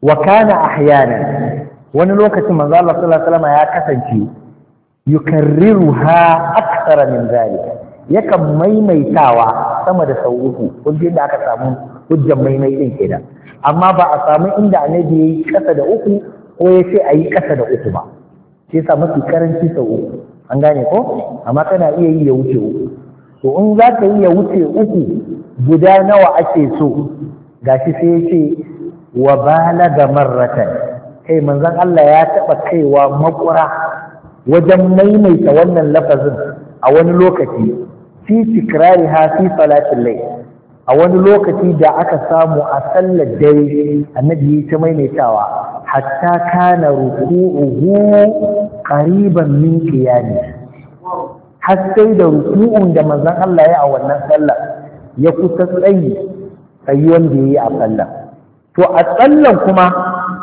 wa kana ahyana wani lokacin manzo Allah sallallahu alaihi wasallam ya kasance yukarriruha akthara min zalik yakan maimaitawa sama da sau uku kun ji da aka samu hujjar maimai din kenan amma ba a samu inda annabi yayi kasa da uku ko ya ce ayi kasa da uku ba sai samu mafi karanci sau uku an gane ko amma kana iya yi ya wuce uku to in za ka yi ya wuce uku guda nawa ake so gashi sai ya ce wa balaga marratan kai manzon Allah ya taɓa kaiwa makura wajen maimaita wannan lafazin a wani lokaci fi ha fi salatin lai a wani lokaci da aka samu a sallar dare annabi ya ta maimaitawa hatta kana ruku'uhu qariban min qiyami har sai da ruku'un da manzan Allah ya a wannan sallar ya kusa tsayi tsayuwan da yayi a sallar to a tsallan kuma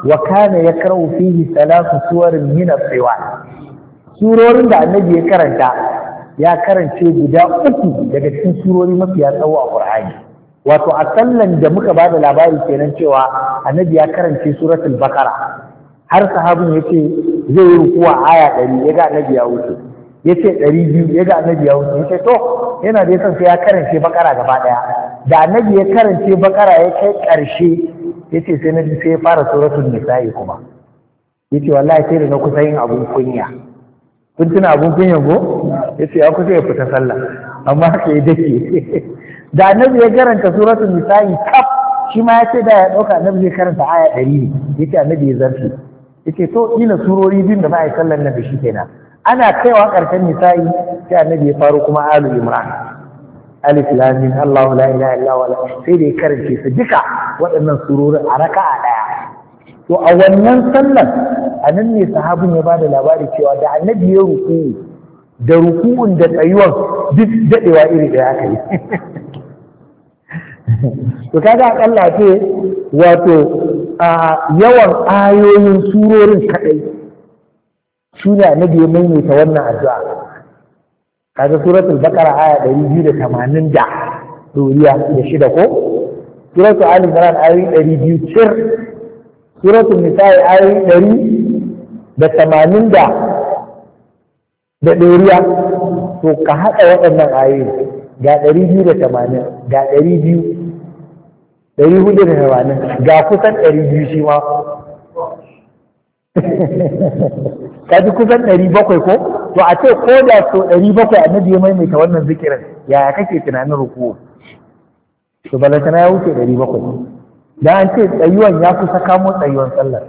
wa kana ya karau fihi salatu suwarin min tsiwa surorin da annabi ya karanta ya karance guda uku daga cikin surori mafiya tsawo a qur'ani wato a tsallan da muka ba da labari kenan cewa annabi ya karance suratul baqara har sahabin yace zai yi rukuwa aya ɗari yaga annabi ya wuce ya ce ɗari biyu annabi ya wuce ya ce to yana da yasan sai ya karance baqara gaba ɗaya da annabi ya karance baqara ya kai ƙarshe yace sai na sai ya fara suratul nisa'i kuma yace wallahi sai da na kusa yin abun kunya kun tuna abun kunya go yace ya kusa ya fita sallah amma haka ya dake (laughs) da annabi ya karanta suratul nisa'i kaf shi ma yace da ya dauka annabi zai karanta aya 100 ne yace annabi ya zarfi yace to ina surori din da ba a yi sallar nan da shi kenan ana kaiwa karshen nisa'i sai annabi ya faro kuma alu imran alif lamin Allahu la ilaha illa wala sai da ya karance su duka waɗannan surorin a raka'a ɗaya to a wannan sallan a nan ne sahabin ya bada labari cewa da annabi ya ruku da ruku'un da tsayuwar duk daɗewa iri ɗaya aka yi (laughs) to kaga akalla ce wato a yawan ayoyin surorin kaɗai shi ne annabi ya maimaita wannan addu'a kaga suratul baqara aya 280 da doriya da shida ko suratul ali imran ayi 200 cir suratul nisa ayi 100 da 80 da da to ka hada waɗannan ayoyi ga 280 ga 200 ɗari hudu da tamanin ga kusan 200 shi ma (laughs) kaji kusan 700 ko to a ce ko da so ɗari bakwai annabi ya maimaita wannan zikirin yaya kake tunanin ruku'u to balantana ya wuce ɗari bakwai da an ce tsayuwan ya kusa kamo tsayuwan sallar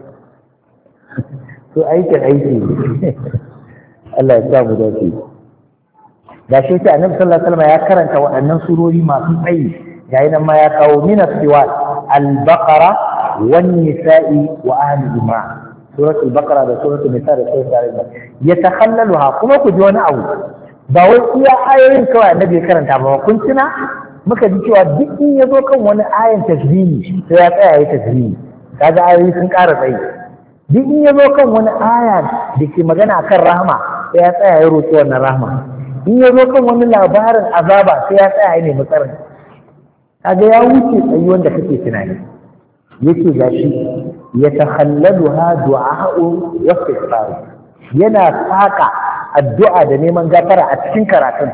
(laughs) to aikin aiki (laughs) Allah ya sa mu dace da shi ta annabi sallallahu alaihi wasallam ya karanta waɗannan surori masu tsayi yayin nan ma ya kawo min as-siwat al-baqara wan nisa'i wa ahli imran suratul baqara da suratul nisa da suratul tarihi ya takhallaluha kuma ku ji wani abu ba wai iya ayoyin kawai annabi ya karanta ba kun tuna muka ji cewa duk in ya zo kan wani ayan tasbihi sai ya tsaya ya tasbihi kaga ayoyi sun ƙara tsayi duk in ya zo kan wani aya da ke magana akan rahama sai ya tsaya ya roƙi wannan rahama in ya zo kan wani labarin azaba sai ya tsaya ya nemi tsarin kaga ya wuce tsayi wanda kake tunani yake gashi yatakhallaluha du'a'u wa istighfar yana saƙa addu'a da neman gafara a cikin karatun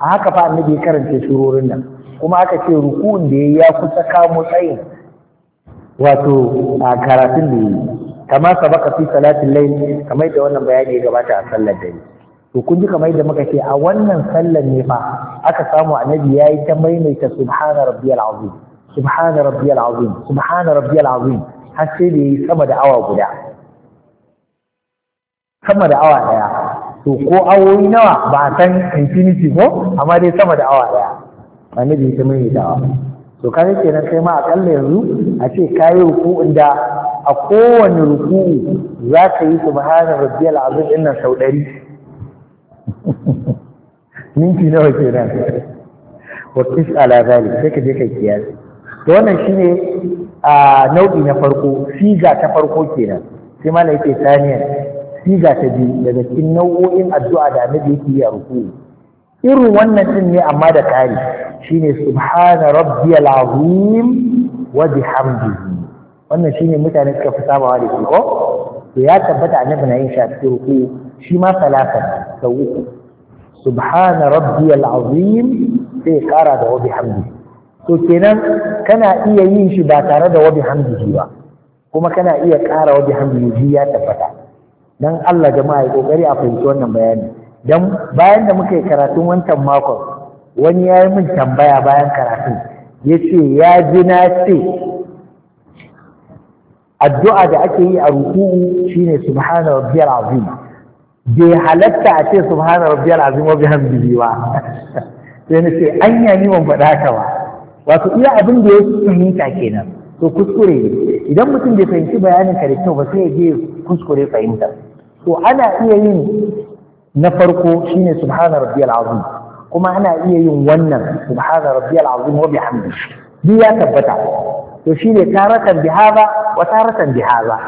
a haka fa annabi karanta surorin nan kuma aka ce ruku'un da yayi ya kusa kamo tsayin wato a karatun da yayi kama sabaka fi salatin layl kamar da wannan bayani ya gabata a sallar dare to kun ji kamar da muka ce a wannan sallar ne fa aka samu annabi yayi ta maimaita subhana rabbiyal azim subhana rabbiyal azim subhana rabbiyal azim har sai da yi sama da awa guda sama da awa daya to ko awoyi nawa ba a san infinity ko amma dai sama da awa daya annabi ya mai dawa to kare kenan kai ma akalla yanzu a ce kayi ruku'un da a kowane ruku'u za ka yi subhana rabbiyal azim din nan sau ɗari (laughs) minti nawa kenan wa kis ala zalik sai ka je kai kiyasi to wannan shine a nau'i na farko siga ta farko kenan sai malai yake taniyan siga ta biyu daga cikin nau'o'in addu'a da annabi yake yi a ruku irin wannan din ne amma da kari shine subhana rabbiyal azim wa bihamdihi wannan shine mutane suka fi sabawa da shi ko to ya tabbata annabi na yin shi a cikin ruku shi ma salatan sau uku subhana rabbiyal azim sai kara da wa bihamdihi to kenan kana iya yin shi ba tare da wabi hamdihi ba kuma kana iya ƙara wabi hamdihi ya tabbata dan Allah jama'a ya kokari a fahimci wannan bayani dan bayan da muka yi karatun wancan makon wani ya yi min tambaya bayan karatun ya ce ya ji na ce addu'a da ake yi a ruku'u shine subhana rabbiyal azim bai halatta a ce subhana rabbiyal azim wa bihamdihi ba (laughs) sai na ce anya ni ban faɗa ka ba wato iya abin da ya fahimta kenan to kuskure ne idan mutum bai fahimci bayanin ka da kyau ba sai ya je kuskure fahimta to ana iya yin na farko shine subhana rabbiyal azim kuma ana iya yin wannan subhana rabbiyal azim wa bihamdi duk ya tabbata to shine taratan bihaba wa taratan bihaza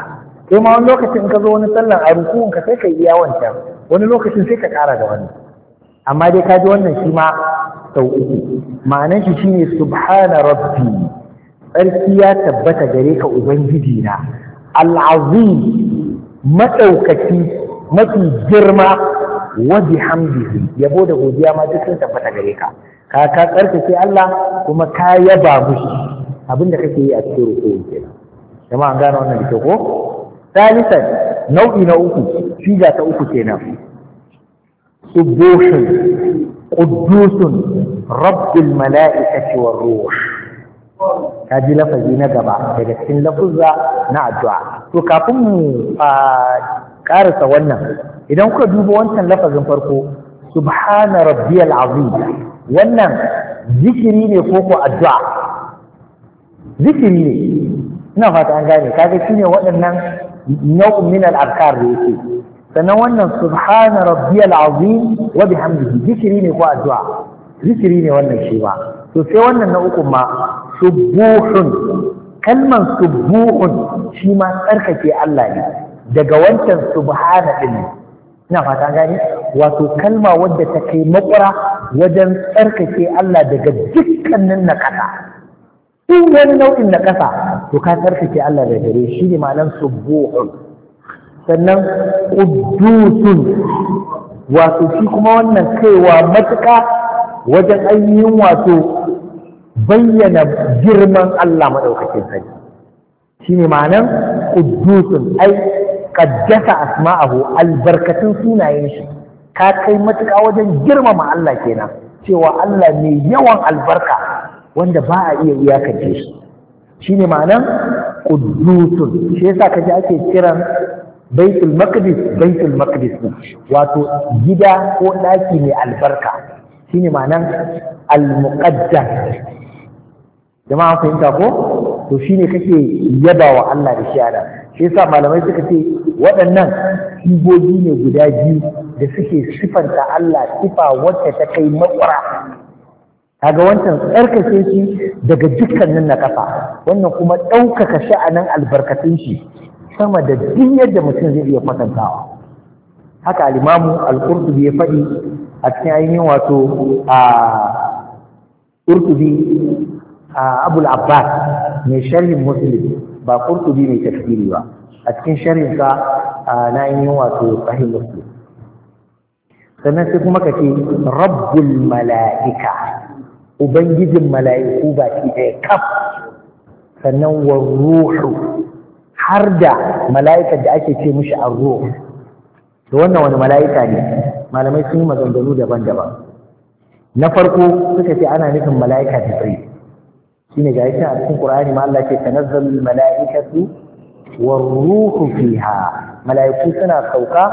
kai ma wani lokacin in ka zo wani sallar a rukun ka sai ka iya wancan wani lokacin sai ka kara da wannan amma dai ka ji wannan shi ma sau uku ma'anar shi shine subhana rabbi tsarki ya tabbata gare ka ubangiji na al'azim madaukaki mafi girma wa bihamdihi yabo da godiya ma duk sun tabbata gare ka ka ka tsarkake Allah kuma ka yaba mushi abinda kake yi a cikin rukunin kenan jama'a an gane wannan da ko salisan nau'i na uku shiga ta uku kenan subuhun ƙudusun rabbul mala'ikaci wa ruwa ta ji lafazi na gaba daga cikin lafuzza na addu'a to kafin mu ƙarasa wannan idan kuka duba wancan lafazin farko subhana rabbiyal azim wannan zikiri ne ko addu'a zikiri ne ina fata an gane kaga shine waɗannan nau'in al-arkar da yake sannan wannan subhana rabbi azim wa bihamdihi zikiri ne ko addu'a zikiri ne wannan shi ba to sai wannan na uku ma subuhun kalman subuhun shi ma tsarkake Allah ne daga wancan subhana din ina fata gani wato kalma wadda ta kai makura wajen tsarkake Allah daga dukkanin nakasa duk wani nau'in nakasa to ka tsarkake Allah da gare shi ne ma'anar subuhun sannan ƙuddusun wato shi kuma wannan kaiwa matuƙa wajen ainihin wato bayyana girman Allah maɗaukakin sarki shi ne ma'anan ƙudusun ai ƙaddasa asma'ahu albarkatun sunayen shi ka kai matuƙa wajen girmama Allah kenan cewa Allah mai yawan albarka wanda ba a iya iyakance shi shi ne ma'anan ƙudusun shi yasa kaji ake kiran baitul maqdis baitul maqdis wato gida ko daki ne albarka shine ma'anan al-muqaddas jama'a fahimta ko to shine kake yaba wa Allah da shi ana shi yasa malamai suka ce waɗannan sigogi ne guda biyu da suke sifanta Allah sifa wacce ta kai makwara kaga wancan tsarkake shi daga dukkanin na kafa wannan kuma ɗaukaka sha'anin albarkatun shi sama da duk yadda mutum zai iya kwatantawa haka alimamu al-qurtubi ya faɗi a cikin ainihin wato a qurtubi a abul abbas mai sharhin muslim ba qurtubi mai tafsiri ba a cikin sharhin sa na ainihin wato sahih muslim sannan sai kuma kace rabbul mala'ika ubangijin mala'iku ba ki ɗaya kaf sannan wa ruhu har da mala'ikar da ake ce mushi arro da wannan wani mala'ika ne malamai sun yi maganganu daban-daban na farko suka ce ana nufin mala'ika ta tsaye shi ne gashi a cikin ƙur'ani ma Allah ke tanazzalul mala'ikatu war ruhu fiha mala'iku suna sauka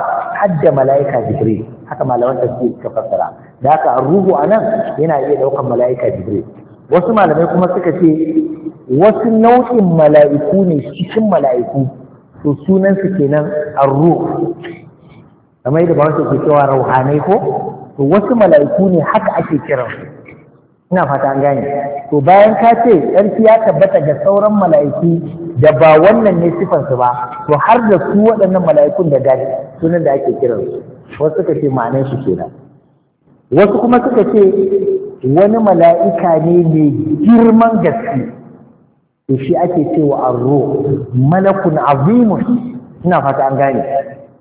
hadda mala'ika jibril haka malaman tafsir suka fassara da haka ruhu anan yana iya daukan mala'ika jibril wasu malamai kuma suka ce wasu nau'in mala'iku ne cikin mala'iku to sunansu kenan arruh kamar yadda ba wasu ke cewa rauhanai ko to wasu mala'iku ne haka ake kiransu ina fata an gane to bayan ka ce ƙarfi ya tabbata ga sauran mala'iku da ba wannan ne sifansu ba to har da su waɗannan mala'ikun da gani sunan da ake kiransu wasu suka ce ma'anar shi kenan wasu kuma suka ce wani mala'ika ne mai girman gaske to shi ake cewa arro malakun azimun ina fata an gane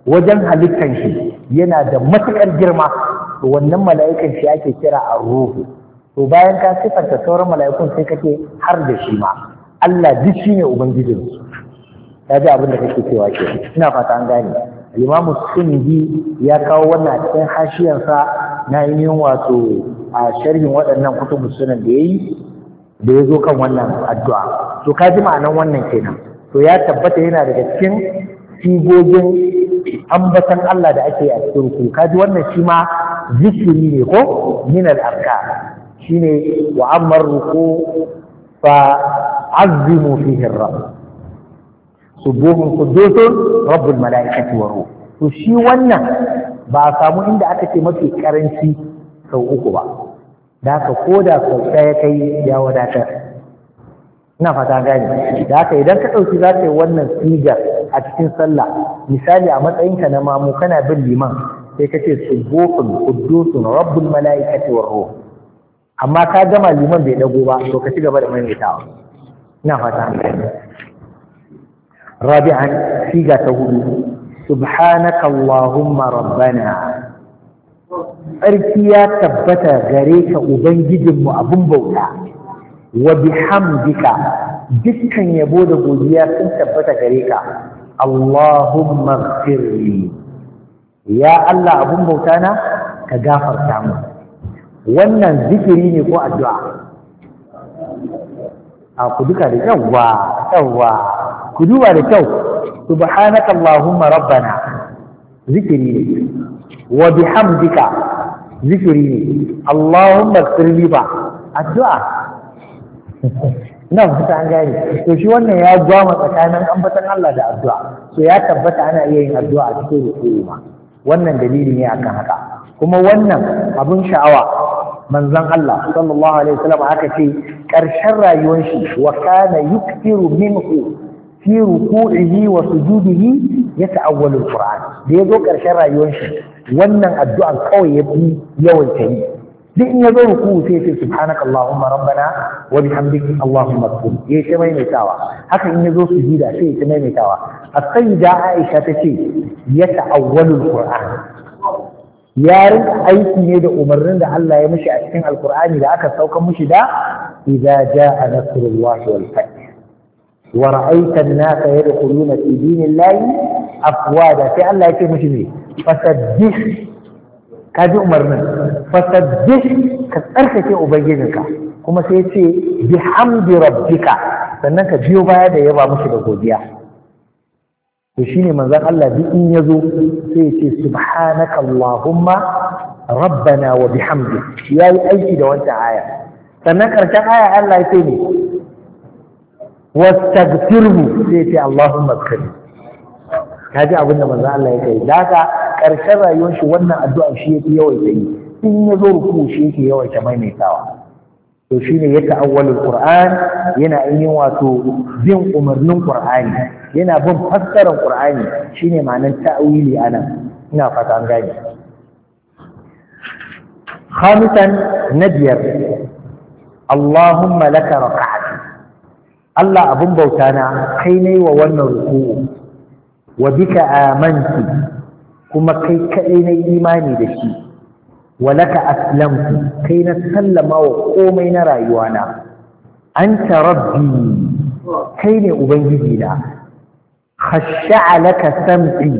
wajen halittar shi yana da matuƙar girma to wannan mala'ikan shi ake kira ro to bayan ka sifanta sauran mala'ikun sai kake har da shi ma Allah duk shi ne ubangijin ta ji abin da kake cewa ke ina fata an gane Imam Sundi ya kawo wannan cikin hashiyarsa na yin wato a sharhin waɗannan kutubu sunan da yayi da ya zo kan wannan addu'a to ka ji ma'anan wannan kenan to ya tabbata yana daga cikin sigogin ambatan Allah da ake a cikin ku ka ji wannan shi ma zikiri ne ko min al-arka shine wa ammar ruku fa azimu fihi rabb subuhun qudusun rabbul malaikati wa ruh to shi wannan ba a samu inda aka ce mafi karanci sau uku ba da ka da sau ɗaya kai ya wadatar ina fata gani da haka idan ka ɗauki za ka yi wannan sigar a cikin sallah misali a matsayinka na mamu kana bin liman sai ka ce subhufun quddusun rabbul mala'ikati war ruh amma ka gama liman bai dago ba to ka ci gaba da maimaitawa ina fata gani rabi'an siga ta hudu subhanaka allahumma rabbana tsarki ya tabbata gare ka ubangijinmu abin bauta wa bihamdika dukkan yabo da godiya sun tabbata gare ka Allahumma firli ya Allah abun bauta na ka gafarta mu wannan zikiri ne ko addu'a a ku duka da yawwa yawwa ku duba da kyau subhanaka allahumma rabbana zikiri ne wa bihamdika zikiri ne allahumma firli ba addu'a Nan fata an gane to shi wannan ya gwama tsakanin ambatan Allah da addu'a so ya tabbata ana iya yin addu'a a cikin rukuyi ma wannan dalili ne akan haka kuma wannan abun sha'awa manzon Allah sallallahu alaihi wasallam aka ce karshen rayuwar shi wa kana yuktiru minhu fi ruku'ihi wa sujudihi yata'awwalu alquran da karshen rayuwar shi wannan addu'an kawai yafi yawan ta yi duk in ya zo ruku sai ce subhanaka allahumma rabbana wa bihamdik allahumma ya ce maimaitawa haka in ya zo sujuda sai ya ce maimaitawa as da aisha ce ya ta'awwalu al-qur'an ya rinka aiki ne da umarnin da Allah ya mishi a cikin alkur'ani da aka sauka mishi da idza jaa nasrullahi wal fath wa ra'aita an-nasa yadkhuluna fi dinillahi afwada sai Allah ya ce mishi ne Ka kaji umarnin fasabbih ka tsarkake ubangijinka kuma sai ce bi hamdi rabbika sannan ka biyo baya da yaba mushi da godiya to shine manzon Allah duk in yazo sai ya ce subhanaka allahumma rabbana wa bihamdik yayi aiki da wancan aya sannan karshen aya Allah ya ce ne wastaghfirhu sai ya ce allahumma ighfirli kaji abin da manzon Allah ya kai daga karshen rayuwar shi wannan addu'a shi yake yawaita yi in ya zo ruku shi yake yawaita maimaitawa to shi ne ya ta'awwalul qur'an yana ainihin wato bin umarnin qur'ani yana bin fassarar qur'ani shine ma'anar ta'wili anan ina fata an gane khamisan na biyar Allahumma laka raka'ati Allah abun bauta na kai ne wa wannan ruku'u wa bika amanti kuma kai kaɗai na imani da shi walaka aslamtu kai na sallama wa komai na rayuwana anta rabbi kai ne ubangiji na khashsha'a laka sam'i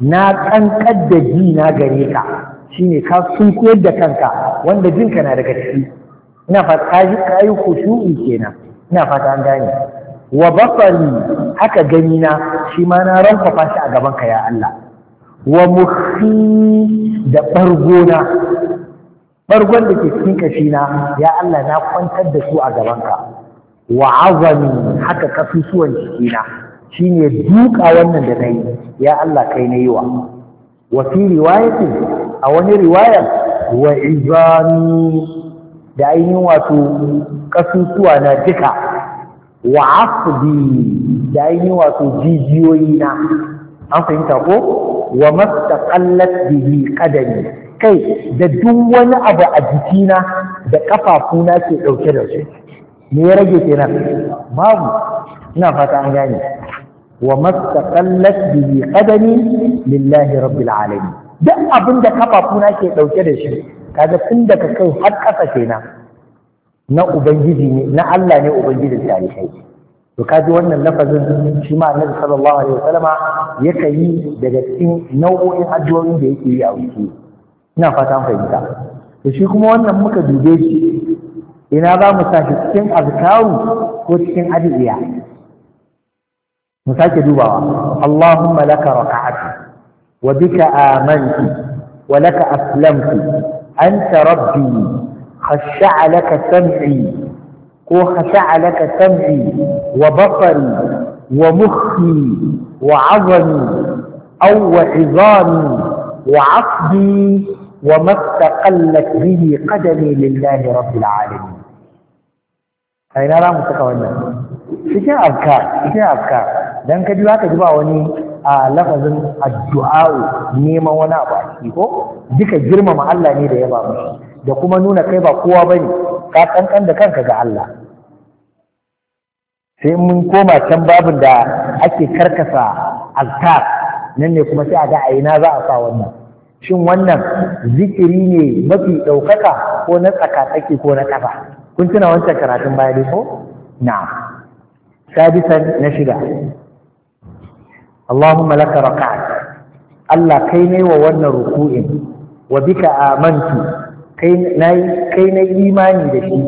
na kankar da ji na gare ka shine ka sunkuyar da kanka wanda jinka na daga ciki ina fata ka ji kayi khushu'i kenan ina fata an gane wa basari haka gani na shi ma na ranka shi a gaban ka ya Allah wa mufi da ɓargona ɓargon da ke cikin ƙashina ya Allah na kwantar da su a gabanka wa azami haka kasusuwan cikina shine duka wannan da nayi ya Allah kai na yi wa wa fi a wani riwayar wa izami da ainihin wato kasusuwa na duka wa asbi da ainihin wato jijiyoyi na an fahimta ko wa mastaqallat bihi qadami kai da duk wani abu a jikina da kafafuna ke dauke da su me ya rage kenan babu ina fata an gane wa mastaqallat bihi qadami lillahi rabbil alamin duk abin da kafafuna ke dauke da shi kaga tun daga kai har kasa kenan na ubangiji ne na Allah ne ubangijin tarihai to kaji wannan lafazin shi ma annabi sallallahu alaihi wasallama yake yi daga cikin nau'o'in addu'o'in da yake yi a wuce ina fatan fahimta to shi kuma wannan muka dube shi ina za mu sashi cikin azkaru ko cikin adiya mu sake dubawa Allahumma laka raka'atu wa bika amantu wa laka aslamtu anta rabbi khashsha'a laka sam'i وخشع لك سمعي وبصري ومخي وعظمي أو وعظامي وعصبي وما استقلت به قدمي لله رب العالمين أين أرى متقوانا؟ إيش أذكار؟ إيش أذكار؟ دان كدوا كدوا وني آه، لفظ الدعاء نيما ونابا يقول ديك جرم مع الله نيدا يبا مشي دا كما نونا كيبا كان كان كجا الله sai mun koma can babin da ake karkasa azkar nan ne kuma sai a ga a ina za a sa wannan shin wannan zikiri ne mafi ɗaukaka ko na tsakatsaki ko na ƙasa kun tuna wancan karatun baya dai ko Na. sabisan na shiga Allahumma laka raka'at Allah kai ne wa wannan ruku'in wa bika amantu kai kai na imani da shi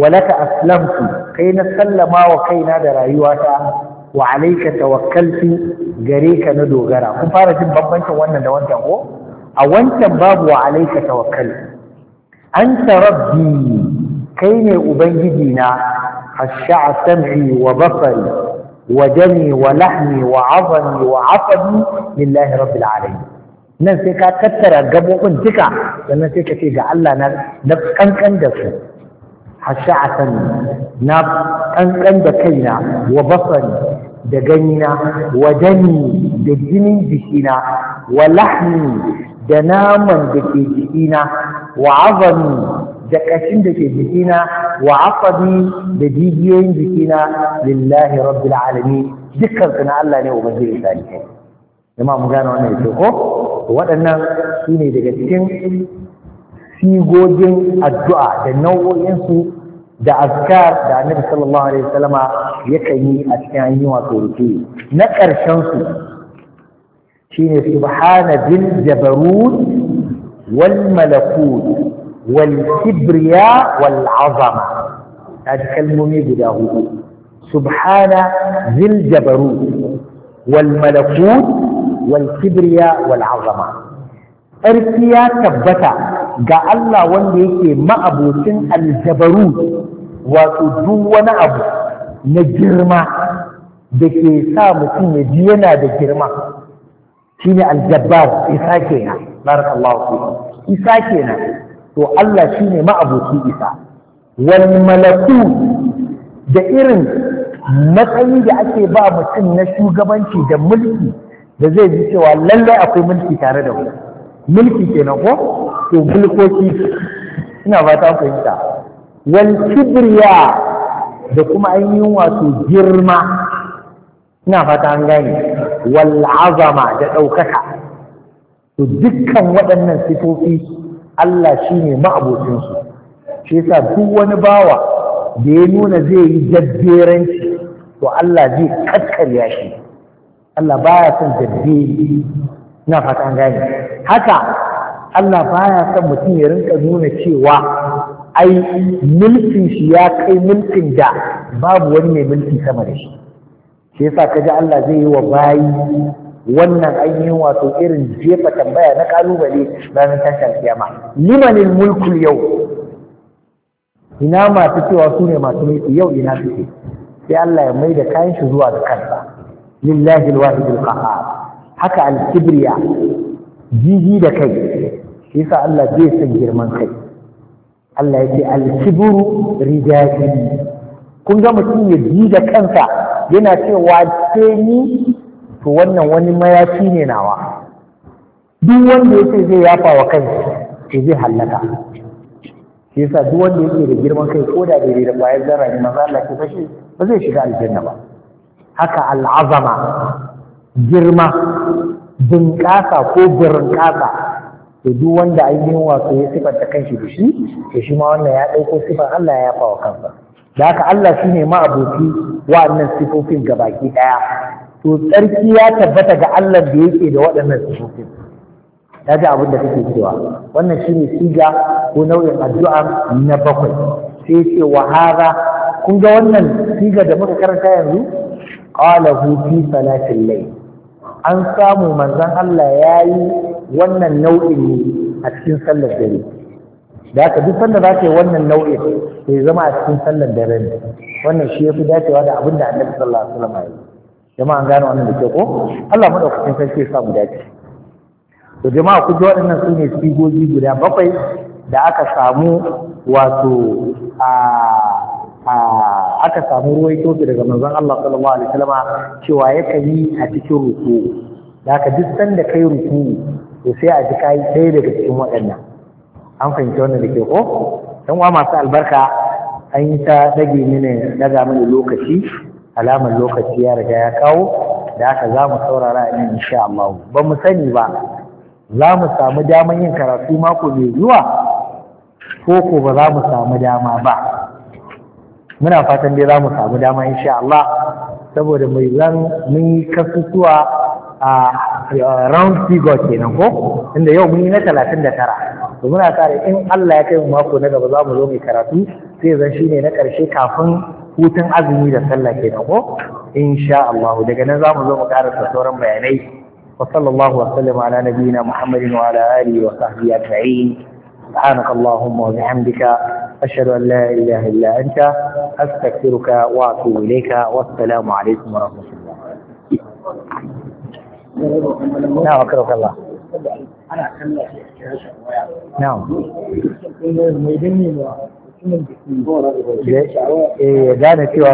wa laka aslamtu كينا سلما وكينا درايواتا وعليك توكلت جريك ندو غرا كفارة بابنك وانا دوانك او اوانك باب وعليك توكلتي انت ربي كين ابنجدنا خشع سمعي وبصري ودمي ولحمي وعظمي وعصبي لله رب العالمين نفسك كثر قبو كنتك لما تكفي جعلنا نفس كن كن hasha'atan na kankan da kaina wa basari da ganina wa dani da jinin jikina wa lahmi da naman da ke jikina wa azami da kashin da ke jikina wa asabi da jijiyoyin jikina lillahi rabbil alamin dukkan su na Allah ne ubangiji salihin jama'a mu gane wannan yake ko waɗannan su ne daga cikin sigogin addu'a da nau'o'insu da azkar da annabi sallallahu alaihi wasallama yakan yi a cikin hanyoyi wato rufe na ƙarshen su shine subhana bil jabarut wal malakut wal kibriya wal azama ta ji kalmomi guda hudu subhana bil jabarut wal malakut wal kibriya wal azama Ƙarfi ya tabbata ga Allah wanda yake ma'abocin aljabaru wato duk wani abu na girma da ke sa mutum ya ji yana da girma ne aljabbar isa kenan barakallahu fi isa kenan to Allah shine ma'abocin isa wal malaku da irin matsayi da ake ba mutum na shugabanci da mulki da zai ji cewa lallai akwai mulki tare da mu mulki kenan ko to mulkoki ina ba ta fahimta wal kibriya da kuma ainihin wato girma ina fata an gane wal azama da ɗaukaka to dukkan waɗannan sifofi Allah shine ma'abocinsu shi yasa duk wani bawa da ya nuna zai yi jabberanci to Allah zai kakkarya shi Allah baya son jabberi na fatan gane haka Allah baya son mutum ya rinka nuna cewa ai mulkin shi ya kai mulkin da babu wani mai mulki sama da shi shi yasa kaji Allah zai yi wa bayi wannan ainihin wato irin jefa tambaya na kalubale ranar tashin kiyama limanin mulkul yau ina masu cewa su ne masu mulki yau ina suke sai Allah ya mai da kayan shi zuwa ga kansa lillahi alwahidul qahhar haka alkibriya jiji da kai shi yasa Allah zai san girman kai Allah yake alkibru rijali kun ga mutum ya ji da kansa yana cewa sai ni to wannan wani mayafi ne nawa duk wanda yake zai yafa wa kansa to zai hallaka shi yasa duk wanda yake da girman kai ko da bai da kwayar zarra ne maza Allah ke fashe ba zai shiga aljanna ba haka al'azama girma bunƙasa ko birinƙasa to duk wanda yunwa wato ya sifanta kanshi da shi to shi ma wannan ya ɗauko sifan Allah ya yafa wa kansa da haka Allah shi ne ma'aboki wa'annan sifofin gabaki ɗaya to tsarki ya tabbata ga Allah da yake da waɗannan sifofin ta ji abin da kake cewa wannan shi ne siga ko nau'in addu'a na bakwai sai ce wahara kun ga wannan siga da muka karanta yanzu qalahu fi salatin layl an samu manzan Allah ya yi wannan nau'in ne a cikin sallar dare da aka duk sanda za ka yi wannan nau'in to ya zama a cikin sallar dare ne wannan shi ya fi dacewa da abin da annabi sallallahu alaihi wasallam ya yi jama'a an gano wannan da ke ko Allah madaukakin sarki ya sa mu dace to jama'a ku ji waɗannan su ne sigogi guda bakwai da aka samu wato a aka samu ruwaito su daga manzon Allah sallallahu alaihi wasallam cewa yakan yi a cikin ruku da ka duk sanda kai ruku to sai a ji kai ɗaya daga cikin waɗannan an fahimci wannan da ke ko dan uwa masu albarka an yi ta dage mini daga mini lokaci alamar lokaci ya riga ya kawo da haka za mu saurara a yin insha Allah ba mu sani ba za mu samu daman yin karatu mako mai zuwa ko ko ba za mu samu dama ba muna fatan dai za mu samu dama insha Allah saboda mai zan mun yi kasusuwa a round figure kenan ko inda yau mun yi na talatin da tara to muna kare in Allah ya kai mu mako na gaba za mu zo mu karatu sai zan shine na karshe kafin hutun azumi da sallah kenan ko insha Allah daga nan za mu zo mu karanta sauran bayanai wa sallallahu wa sallama ala nabiyyina Muhammadin wa ala alihi wa sahbihi ajma'in سبحانك اللهم وبحمدك أشهد أن لا إله إلا أنت أستغفرك وأتوب إليك والسلام عليكم ورحمة الله نعم أكرمك الله نعم